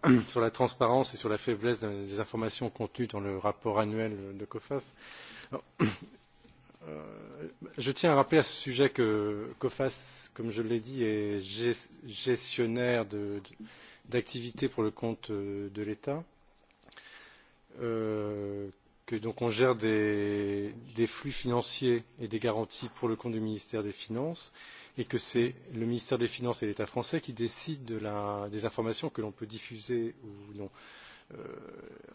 transparence et sur la faiblesse des informations contenues dans le rapport annuel de coface. Euh, je tiens à rappeler à ce sujet que COFAS, comme je l'ai dit, est gestionnaire d'activités pour le compte euh, de l'État, euh, que donc on gère des, des flux financiers et des garanties pour le compte du ministère des Finances, et que c'est le ministère des Finances et l'État français qui décident de la, des informations que l'on peut diffuser ou non. Euh, Euh,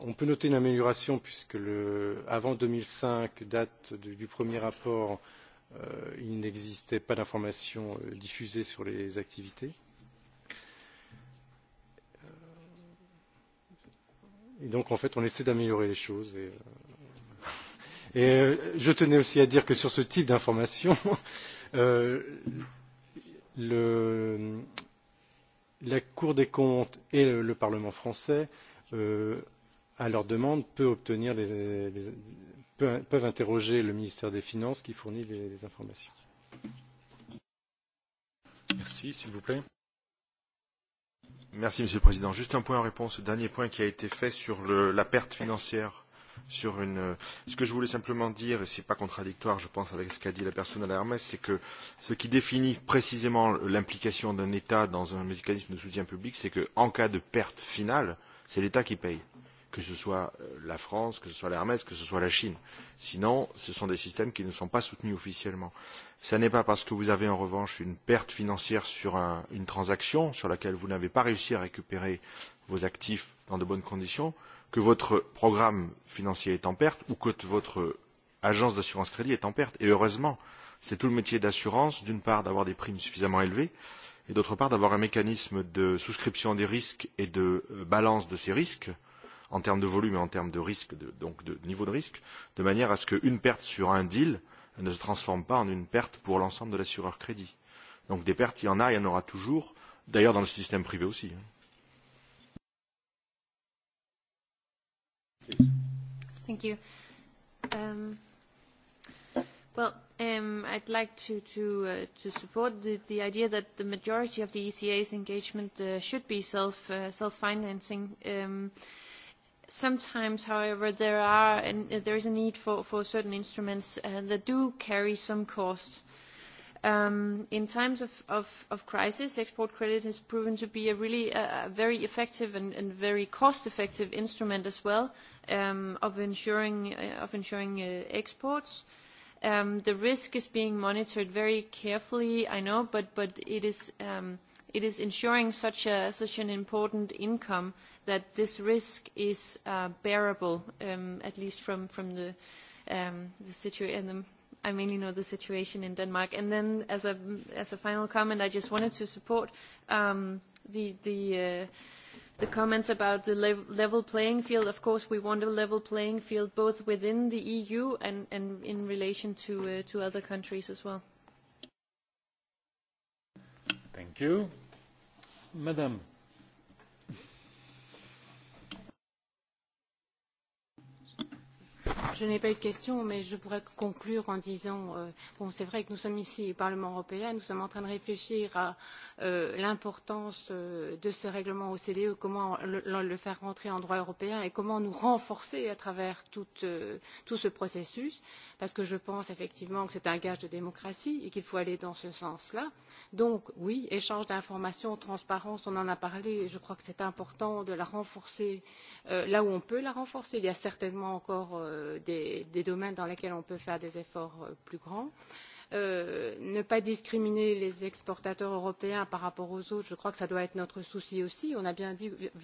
on peut noter une amélioration puisque le, avant 2005, date de, du premier rapport, euh, il n'existait pas d'informations euh, diffusées sur les activités. Euh, et donc, en fait, on essaie d'améliorer les choses. Et, euh, et euh, je tenais aussi à dire que sur ce type d'information, euh, la Cour des comptes et le, le Parlement français Euh, à leur demande peuvent interroger le ministère des Finances qui fournit les, les informations. Merci, s'il vous plaît. Merci, Monsieur le Président. Juste un point en réponse au dernier point qui a été fait sur le, la perte financière. Sur une, euh, ce que je voulais simplement dire, et ce n'est pas contradictoire, je pense, avec ce qu'a dit la personne à la Hermès, c'est que ce qui définit précisément l'implication d'un État dans un mécanisme de soutien public, c'est qu'en cas de perte finale, euh, c'est l'État qui paye, que ce soit euh, la France, que ce soit l'Hermès, que ce soit la Chine. Sinon, ce sont des systèmes qui ne sont pas soutenus officiellement. Ce n'est pas parce que vous avez en revanche une perte financière sur un, une transaction sur laquelle vous n'avez pas réussi à récupérer vos actifs dans de bonnes conditions que votre programme financier est en perte ou que votre agence d'assurance crédit est en perte. Et heureusement, c'est tout le métier d'assurance, d'une part, d'avoir des primes suffisamment élevées, et d'autre part d'avoir un mécanisme de souscription des risques et de euh, balance de ces risques en termes de volume et en termes de risque, de, donc de niveau de risque, de manière à ce qu'une perte sur un deal ne se transforme pas en une perte pour l'ensemble de l'assureur crédit. Donc des pertes, il y en a, il y en aura toujours, d'ailleurs dans le système privé aussi. Thank you. Um, well, Um, I'd like to, uh, support the, idea that the majority of the ECA's engagement uh, should be self, uh, financing um, sometimes, however, there, is a need for, certain instruments that do carry some cost. Um, in times of, crisis, export credit has proven to be a really very effective and, very cost-effective instrument as well of ensuring, exports. Um, the risk is being monitored very carefully, I know, but, but it, is, um, it is ensuring such, a, such an important income that this risk is uh, bearable, um, at least from, from the, um, the situation. I mainly know the situation in Denmark. And then as a, as a final comment, I just wanted to support um, the, the uh, the comments about the le level playing field. Of course, we want a level playing field both within the EU and, and in relation to, uh, to other countries as well. Thank you. Madam je n'ai pas eu de question, mais je pourrais conclure en disant euh, bon, c'est vrai que nous sommes ici au Parlement européen, nous sommes en train de réfléchir à euh, l'importance euh, de ce règlement OCDE, comment le, le faire rentrer en droit européen et comment nous renforcer à travers tout, euh, tout ce processus, parce que je pense effectivement que c'est un gage de démocratie et qu'il faut aller dans ce sens-là. Euh, Donc oui, échange d'informations, transparence, on en a parlé, je crois que c'est important de la renforcer euh, là où on peut la renforcer. Il y a certainement encore euh, des, domaines dans lesquels on peut faire des efforts euh, plus grands. ne pas discriminer les exportateurs européens par rapport aux autres, je crois que ça doit être notre souci aussi. On a bien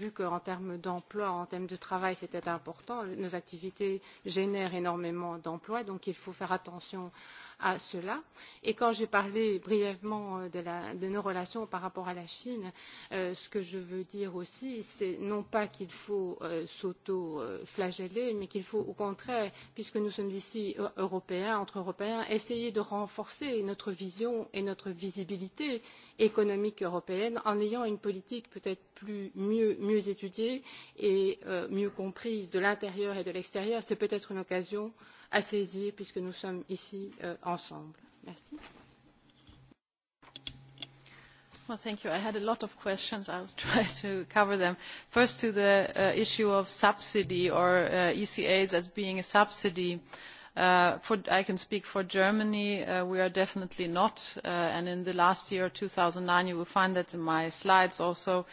vu qu'en termes d'emploi, en termes de travail, c'était important, nos activités génèrent énormément d'emplois, donc il faut faire attention à à cela. Et quand j'ai parlé brièvement euh, de, la, de nos relations par rapport à la Chine, euh, ce que je veux dire aussi, c'est non pas qu'il faut euh, s'auto-flageller, euh, mais qu'il faut au contraire, puisque nous sommes ici euh, Européens, entre Européens, essayer de renforcer notre vision et notre visibilité euh, économique européenne en ayant une politique peut être plus, mieux, mieux étudiée et euh, mieux comprise de l'intérieur et de l'extérieur. C'est peut être une occasion à saisir puisque nous sommes ici euh, ensemble. Merci. Well, thank you. I had a lot of questions. I'll try to cover them. First, to the uh, issue of subsidy or uh, ECAs as being a subsidy. Uh, Uh, I can speak for Germany. Uh, we are definitely not. Uh, and in the last year, 2009, you will find that in my slides also,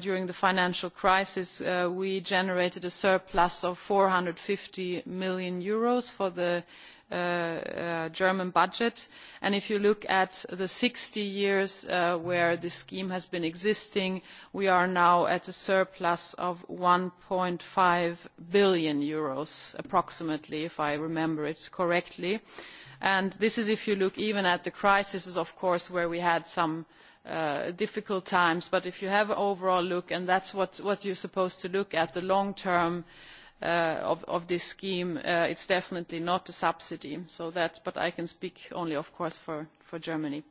during the financial crisis, we generated a surplus of 450 million euros for the Uh, uh, German budget. And if you look at the 60 years uh, where this scheme has been existing, we are now at a surplus of 1.5 billion euros, approximately, if I remember it correctly. And this is if you look even at the is of course, where we had some difficult times but if you have an overall look and that's what, what you're supposed to look at the long term Uh, of, of this scheme, uh, it's definitely not a subsidy. So that's, but I can speak only, of course, for, for Germany.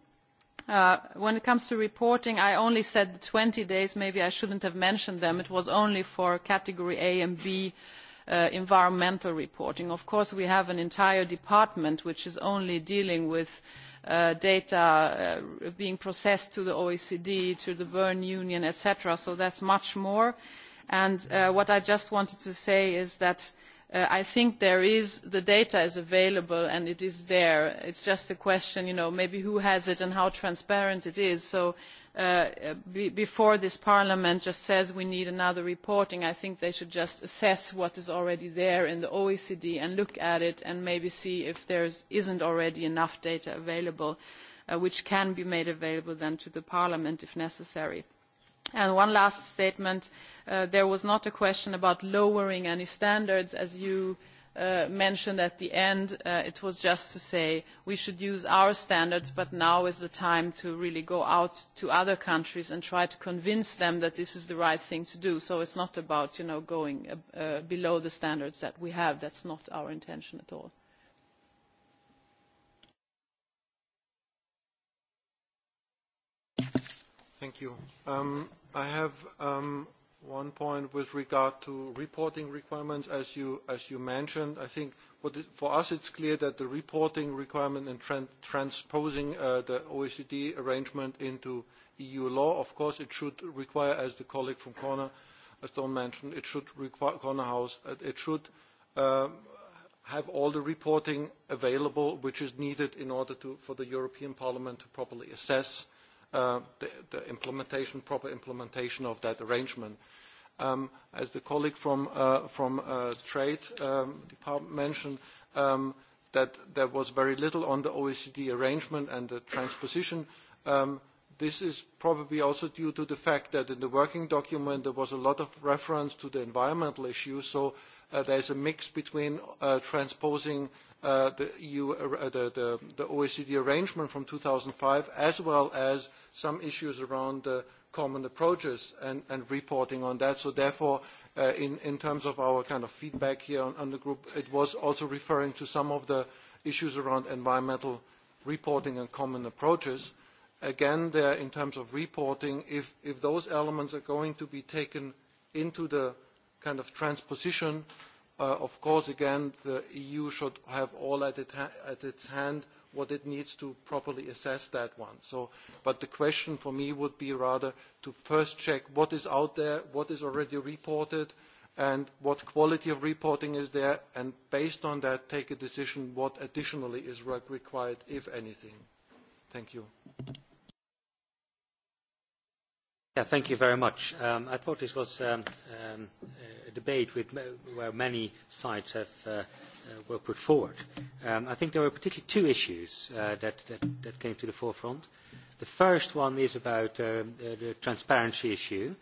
Uh, when it comes to reporting, I only said 20 days. Maybe I shouldn't have mentioned them. It was only for category A and B uh, environmental reporting. Of course, we have an entire department which is only dealing with Uh, data uh, being processed to the OECD, to the Bern Union, etc. So that's much more. Uh, And uh, what I just wanted to say is that Uh, I think there is, the data is available and it is there. It's just a question, you know, maybe who has it and how transparent it is. So uh, be, before this parliament just says we need another reporting, I think they should just assess what is already there in the OECD and look at it and maybe see if there isn't already enough data available, uh, which can be made available then to the parliament if necessary. And One last statement. Uh, there was not a question about lowering any standards, as you uh, mentioned at the end. Uh, it was just to say we should use our standards, but now is the time to really go out to other countries and try to convince them that this is the right thing to do. So It's not about, going below the standards that we have. That's not our intention at all. Thank you. Um, I have um, one point with regard to reporting requirements, as you, as you mentioned. I think it, for us, it's clear that the reporting requirement and tran transposing uh, the OECD arrangement into EU law, of course, it should require, as the colleague from Corner Stone mentioned, it should require Corner House, uh, it should um, have all the reporting available which is needed in order to, for the European Parliament to properly assess Uh, the, the implementation, proper implementation of that arrangement. Um, as the colleague from, uh, from uh, Trade um, Department mentioned, um, that there was very little on the OECD arrangement and the transposition. Um, this is probably also due to the fact that in the working document there was a lot of reference to the environmental issue, so uh, there's a mix between uh, transposing uh, Uh, the, EU, uh, uh, the, the, the OECD arrangement from 2005, as well as some issues around the common approaches and, and reporting on that. So therefore, uh, in, in terms of our kind of feedback here on, on the group, it was also referring to some of the issues around environmental reporting and common approaches. Again, there in terms of reporting, if, if those elements are going to be taken into the kind of transposition, Uh, of course, again, the EU should have all at, it at its hand what it needs to properly assess that one. So, but the question for me would be rather to first check what is out there, what is already reported, and what quality of reporting is there, and based on that, take a decision what additionally is required, if anything. Thank you thank you very much. Um, I thought this was um, um, a debate with, where many sides have, uh, uh, were put forward. Um, I think there were particularly two issues uh, that, that, that came to the forefront. The first one is about uh, the transparency issue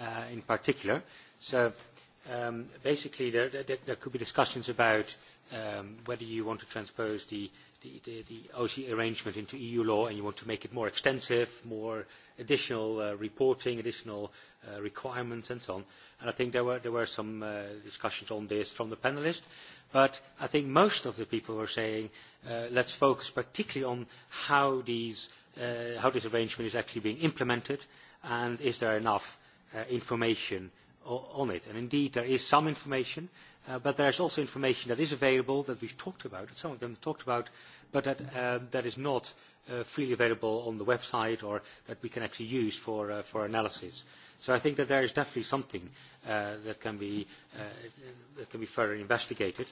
uh, in particular. So um, basically there, there, there could be discussions about um, whether you want to transpose the the, the, OC arrangement into EU law and you want to make it more extensive, more additional uh, reporting, additional uh, requirements and so on. And I think there were, there were some uh, discussions on this from the panellists. But I think most of the people were saying, uh, let's focus particularly on how, these, uh, how this arrangement is actually being implemented and is there enough uh, information on it. And indeed, there is some information. Uh, but there is also information that is available that we've talked about, that some of them have talked about, but that, um, that is not uh, freely available on the website or that we can actually use for, uh, for analysis. So I think that there is definitely something uh, that, can be, uh, that can be further investigated.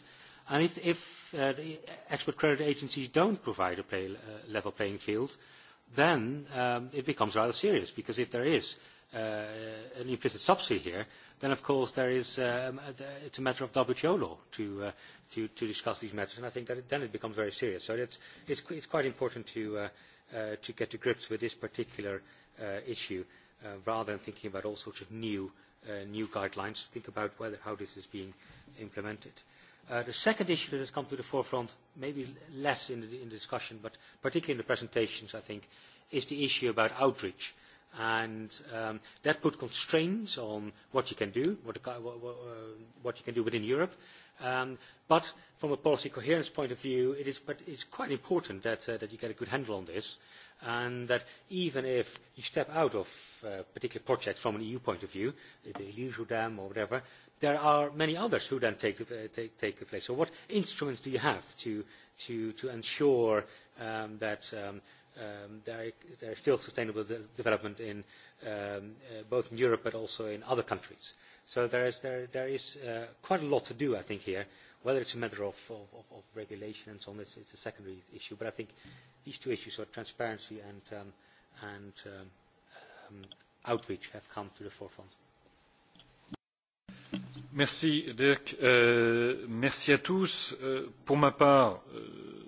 And if, if uh, the expert credit agencies don't provide a play, uh, level playing field, then um, it becomes rather serious because if there is Uh, an implicit subsidy here, then of course there is um, it's a matter of WTO law to, uh, to, to discuss these matters, and I think that it, then it becomes very serious. So it's, it's, it's quite important to, uh, uh, to get to grips with this particular uh, issue uh, rather than thinking about all sorts of new, uh, new guidelines. Think about whether, how this is being implemented. Uh, the second issue that has come to the forefront, maybe less in the, in the discussion, but particularly in the presentations, I think, is the issue about outreach and um, that put constraints on what you can do, what, what, uh, what you can do within Europe. Um, but from a policy coherence point of view, it is but it's quite important that, uh, that you get a good handle on this, and that even if you step out of a uh, particular project from an EU point of view, the Illusio Dam or whatever, there are many others who then take uh, take, take the place. So what instruments do you have to, to, to ensure um, that um, – um, there, is still sustainable de development in um, uh, both in Europe but also in other countries. So there is, there, there is uh, quite a lot to do, I think, here. Whether it's a matter of, of, of regulation and so on, it's, it's a secondary issue. But I think these two issues, so transparency and, um, and um, um, outreach, have come to the forefront. Merci, Dirk. Euh, merci à tous. Euh, pour ma part, euh,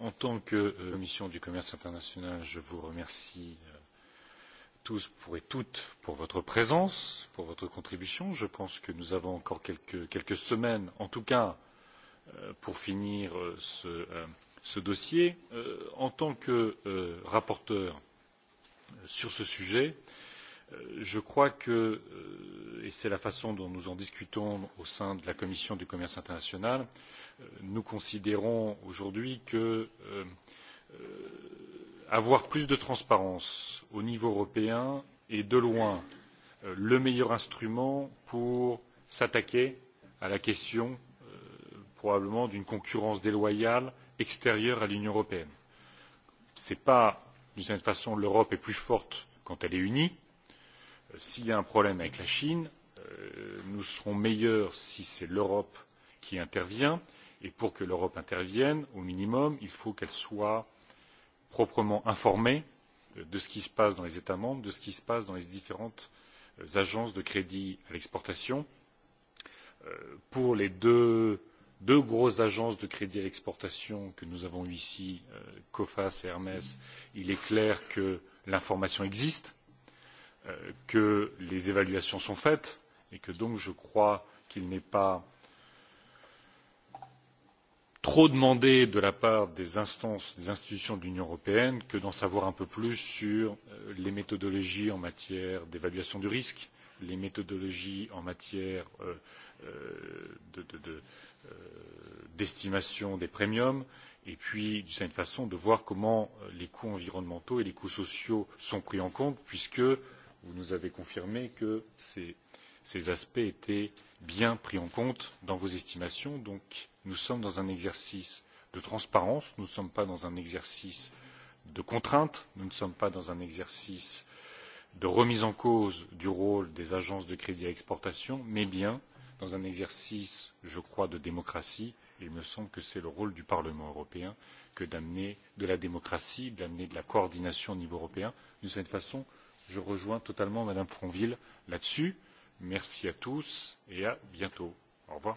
en tant que commission euh, du commerce international je vous remercie euh, tous pour et toutes pour votre présence pour votre contribution. je pense que nous avons encore quelques, quelques semaines en tout cas euh, pour finir ce, ce dossier. en tant que rapporteur sur ce sujet je je crois que euh, et c'est la façon dont nous en discutons au sein de la commission du commerce international euh, nous considérons aujourd'hui que euh, euh, avoir plus de transparence au niveau européen est de loin le meilleur instrument pour s'attaquer à la question euh, probablement d'une concurrence déloyale extérieure à l'union européenne. ce n'est pas d'une certaine façon l'europe est plus forte quand elle est unie Euh, s'il y a un problème avec la Chine, euh, nous serons meilleurs si c'est l'Europe qui intervient. Et pour que l'Europe intervienne, au minimum, il faut qu'elle soit proprement informée euh, de ce qui se passe dans les États membres, de ce qui se passe dans les différentes agences de crédit à l'exportation. Pour les deux, deux grosses agences de crédit à l'exportation que nous avons eues ici, COFAS et Hermès, il est clair que l'information existe Euh, que les évaluations sont faites et que donc je crois qu'il n'est pas trop demandé de la part des instances des institutions de l'union européenne que d'en savoir un peu plus sur euh, les méthodologies en matière d'évaluation du risque les méthodologies en matière d'estimation euh, de, de, de, des premiums et puis d'une certaine façon de voir comment les coûts environnementaux et les coûts sociaux sont pris en compte puisque vous nous avez confirmé que ces, ces aspects étaient bien pris en compte dans vos estimations. Donc, nous sommes dans un exercice de transparence, nous ne sommes pas dans un exercice de contrainte, nous ne sommes pas dans un exercice de remise en cause du rôle des agences de crédit à exportation, mais bien dans un exercice, je crois, de démocratie. Et il me semble que c'est le rôle du Parlement européen que d'amener de la démocratie, d'amener de la coordination au niveau européen. D'une certaine façon, je rejoins totalement mme frontville là dessus. merci à tous et à bientôt. au revoir.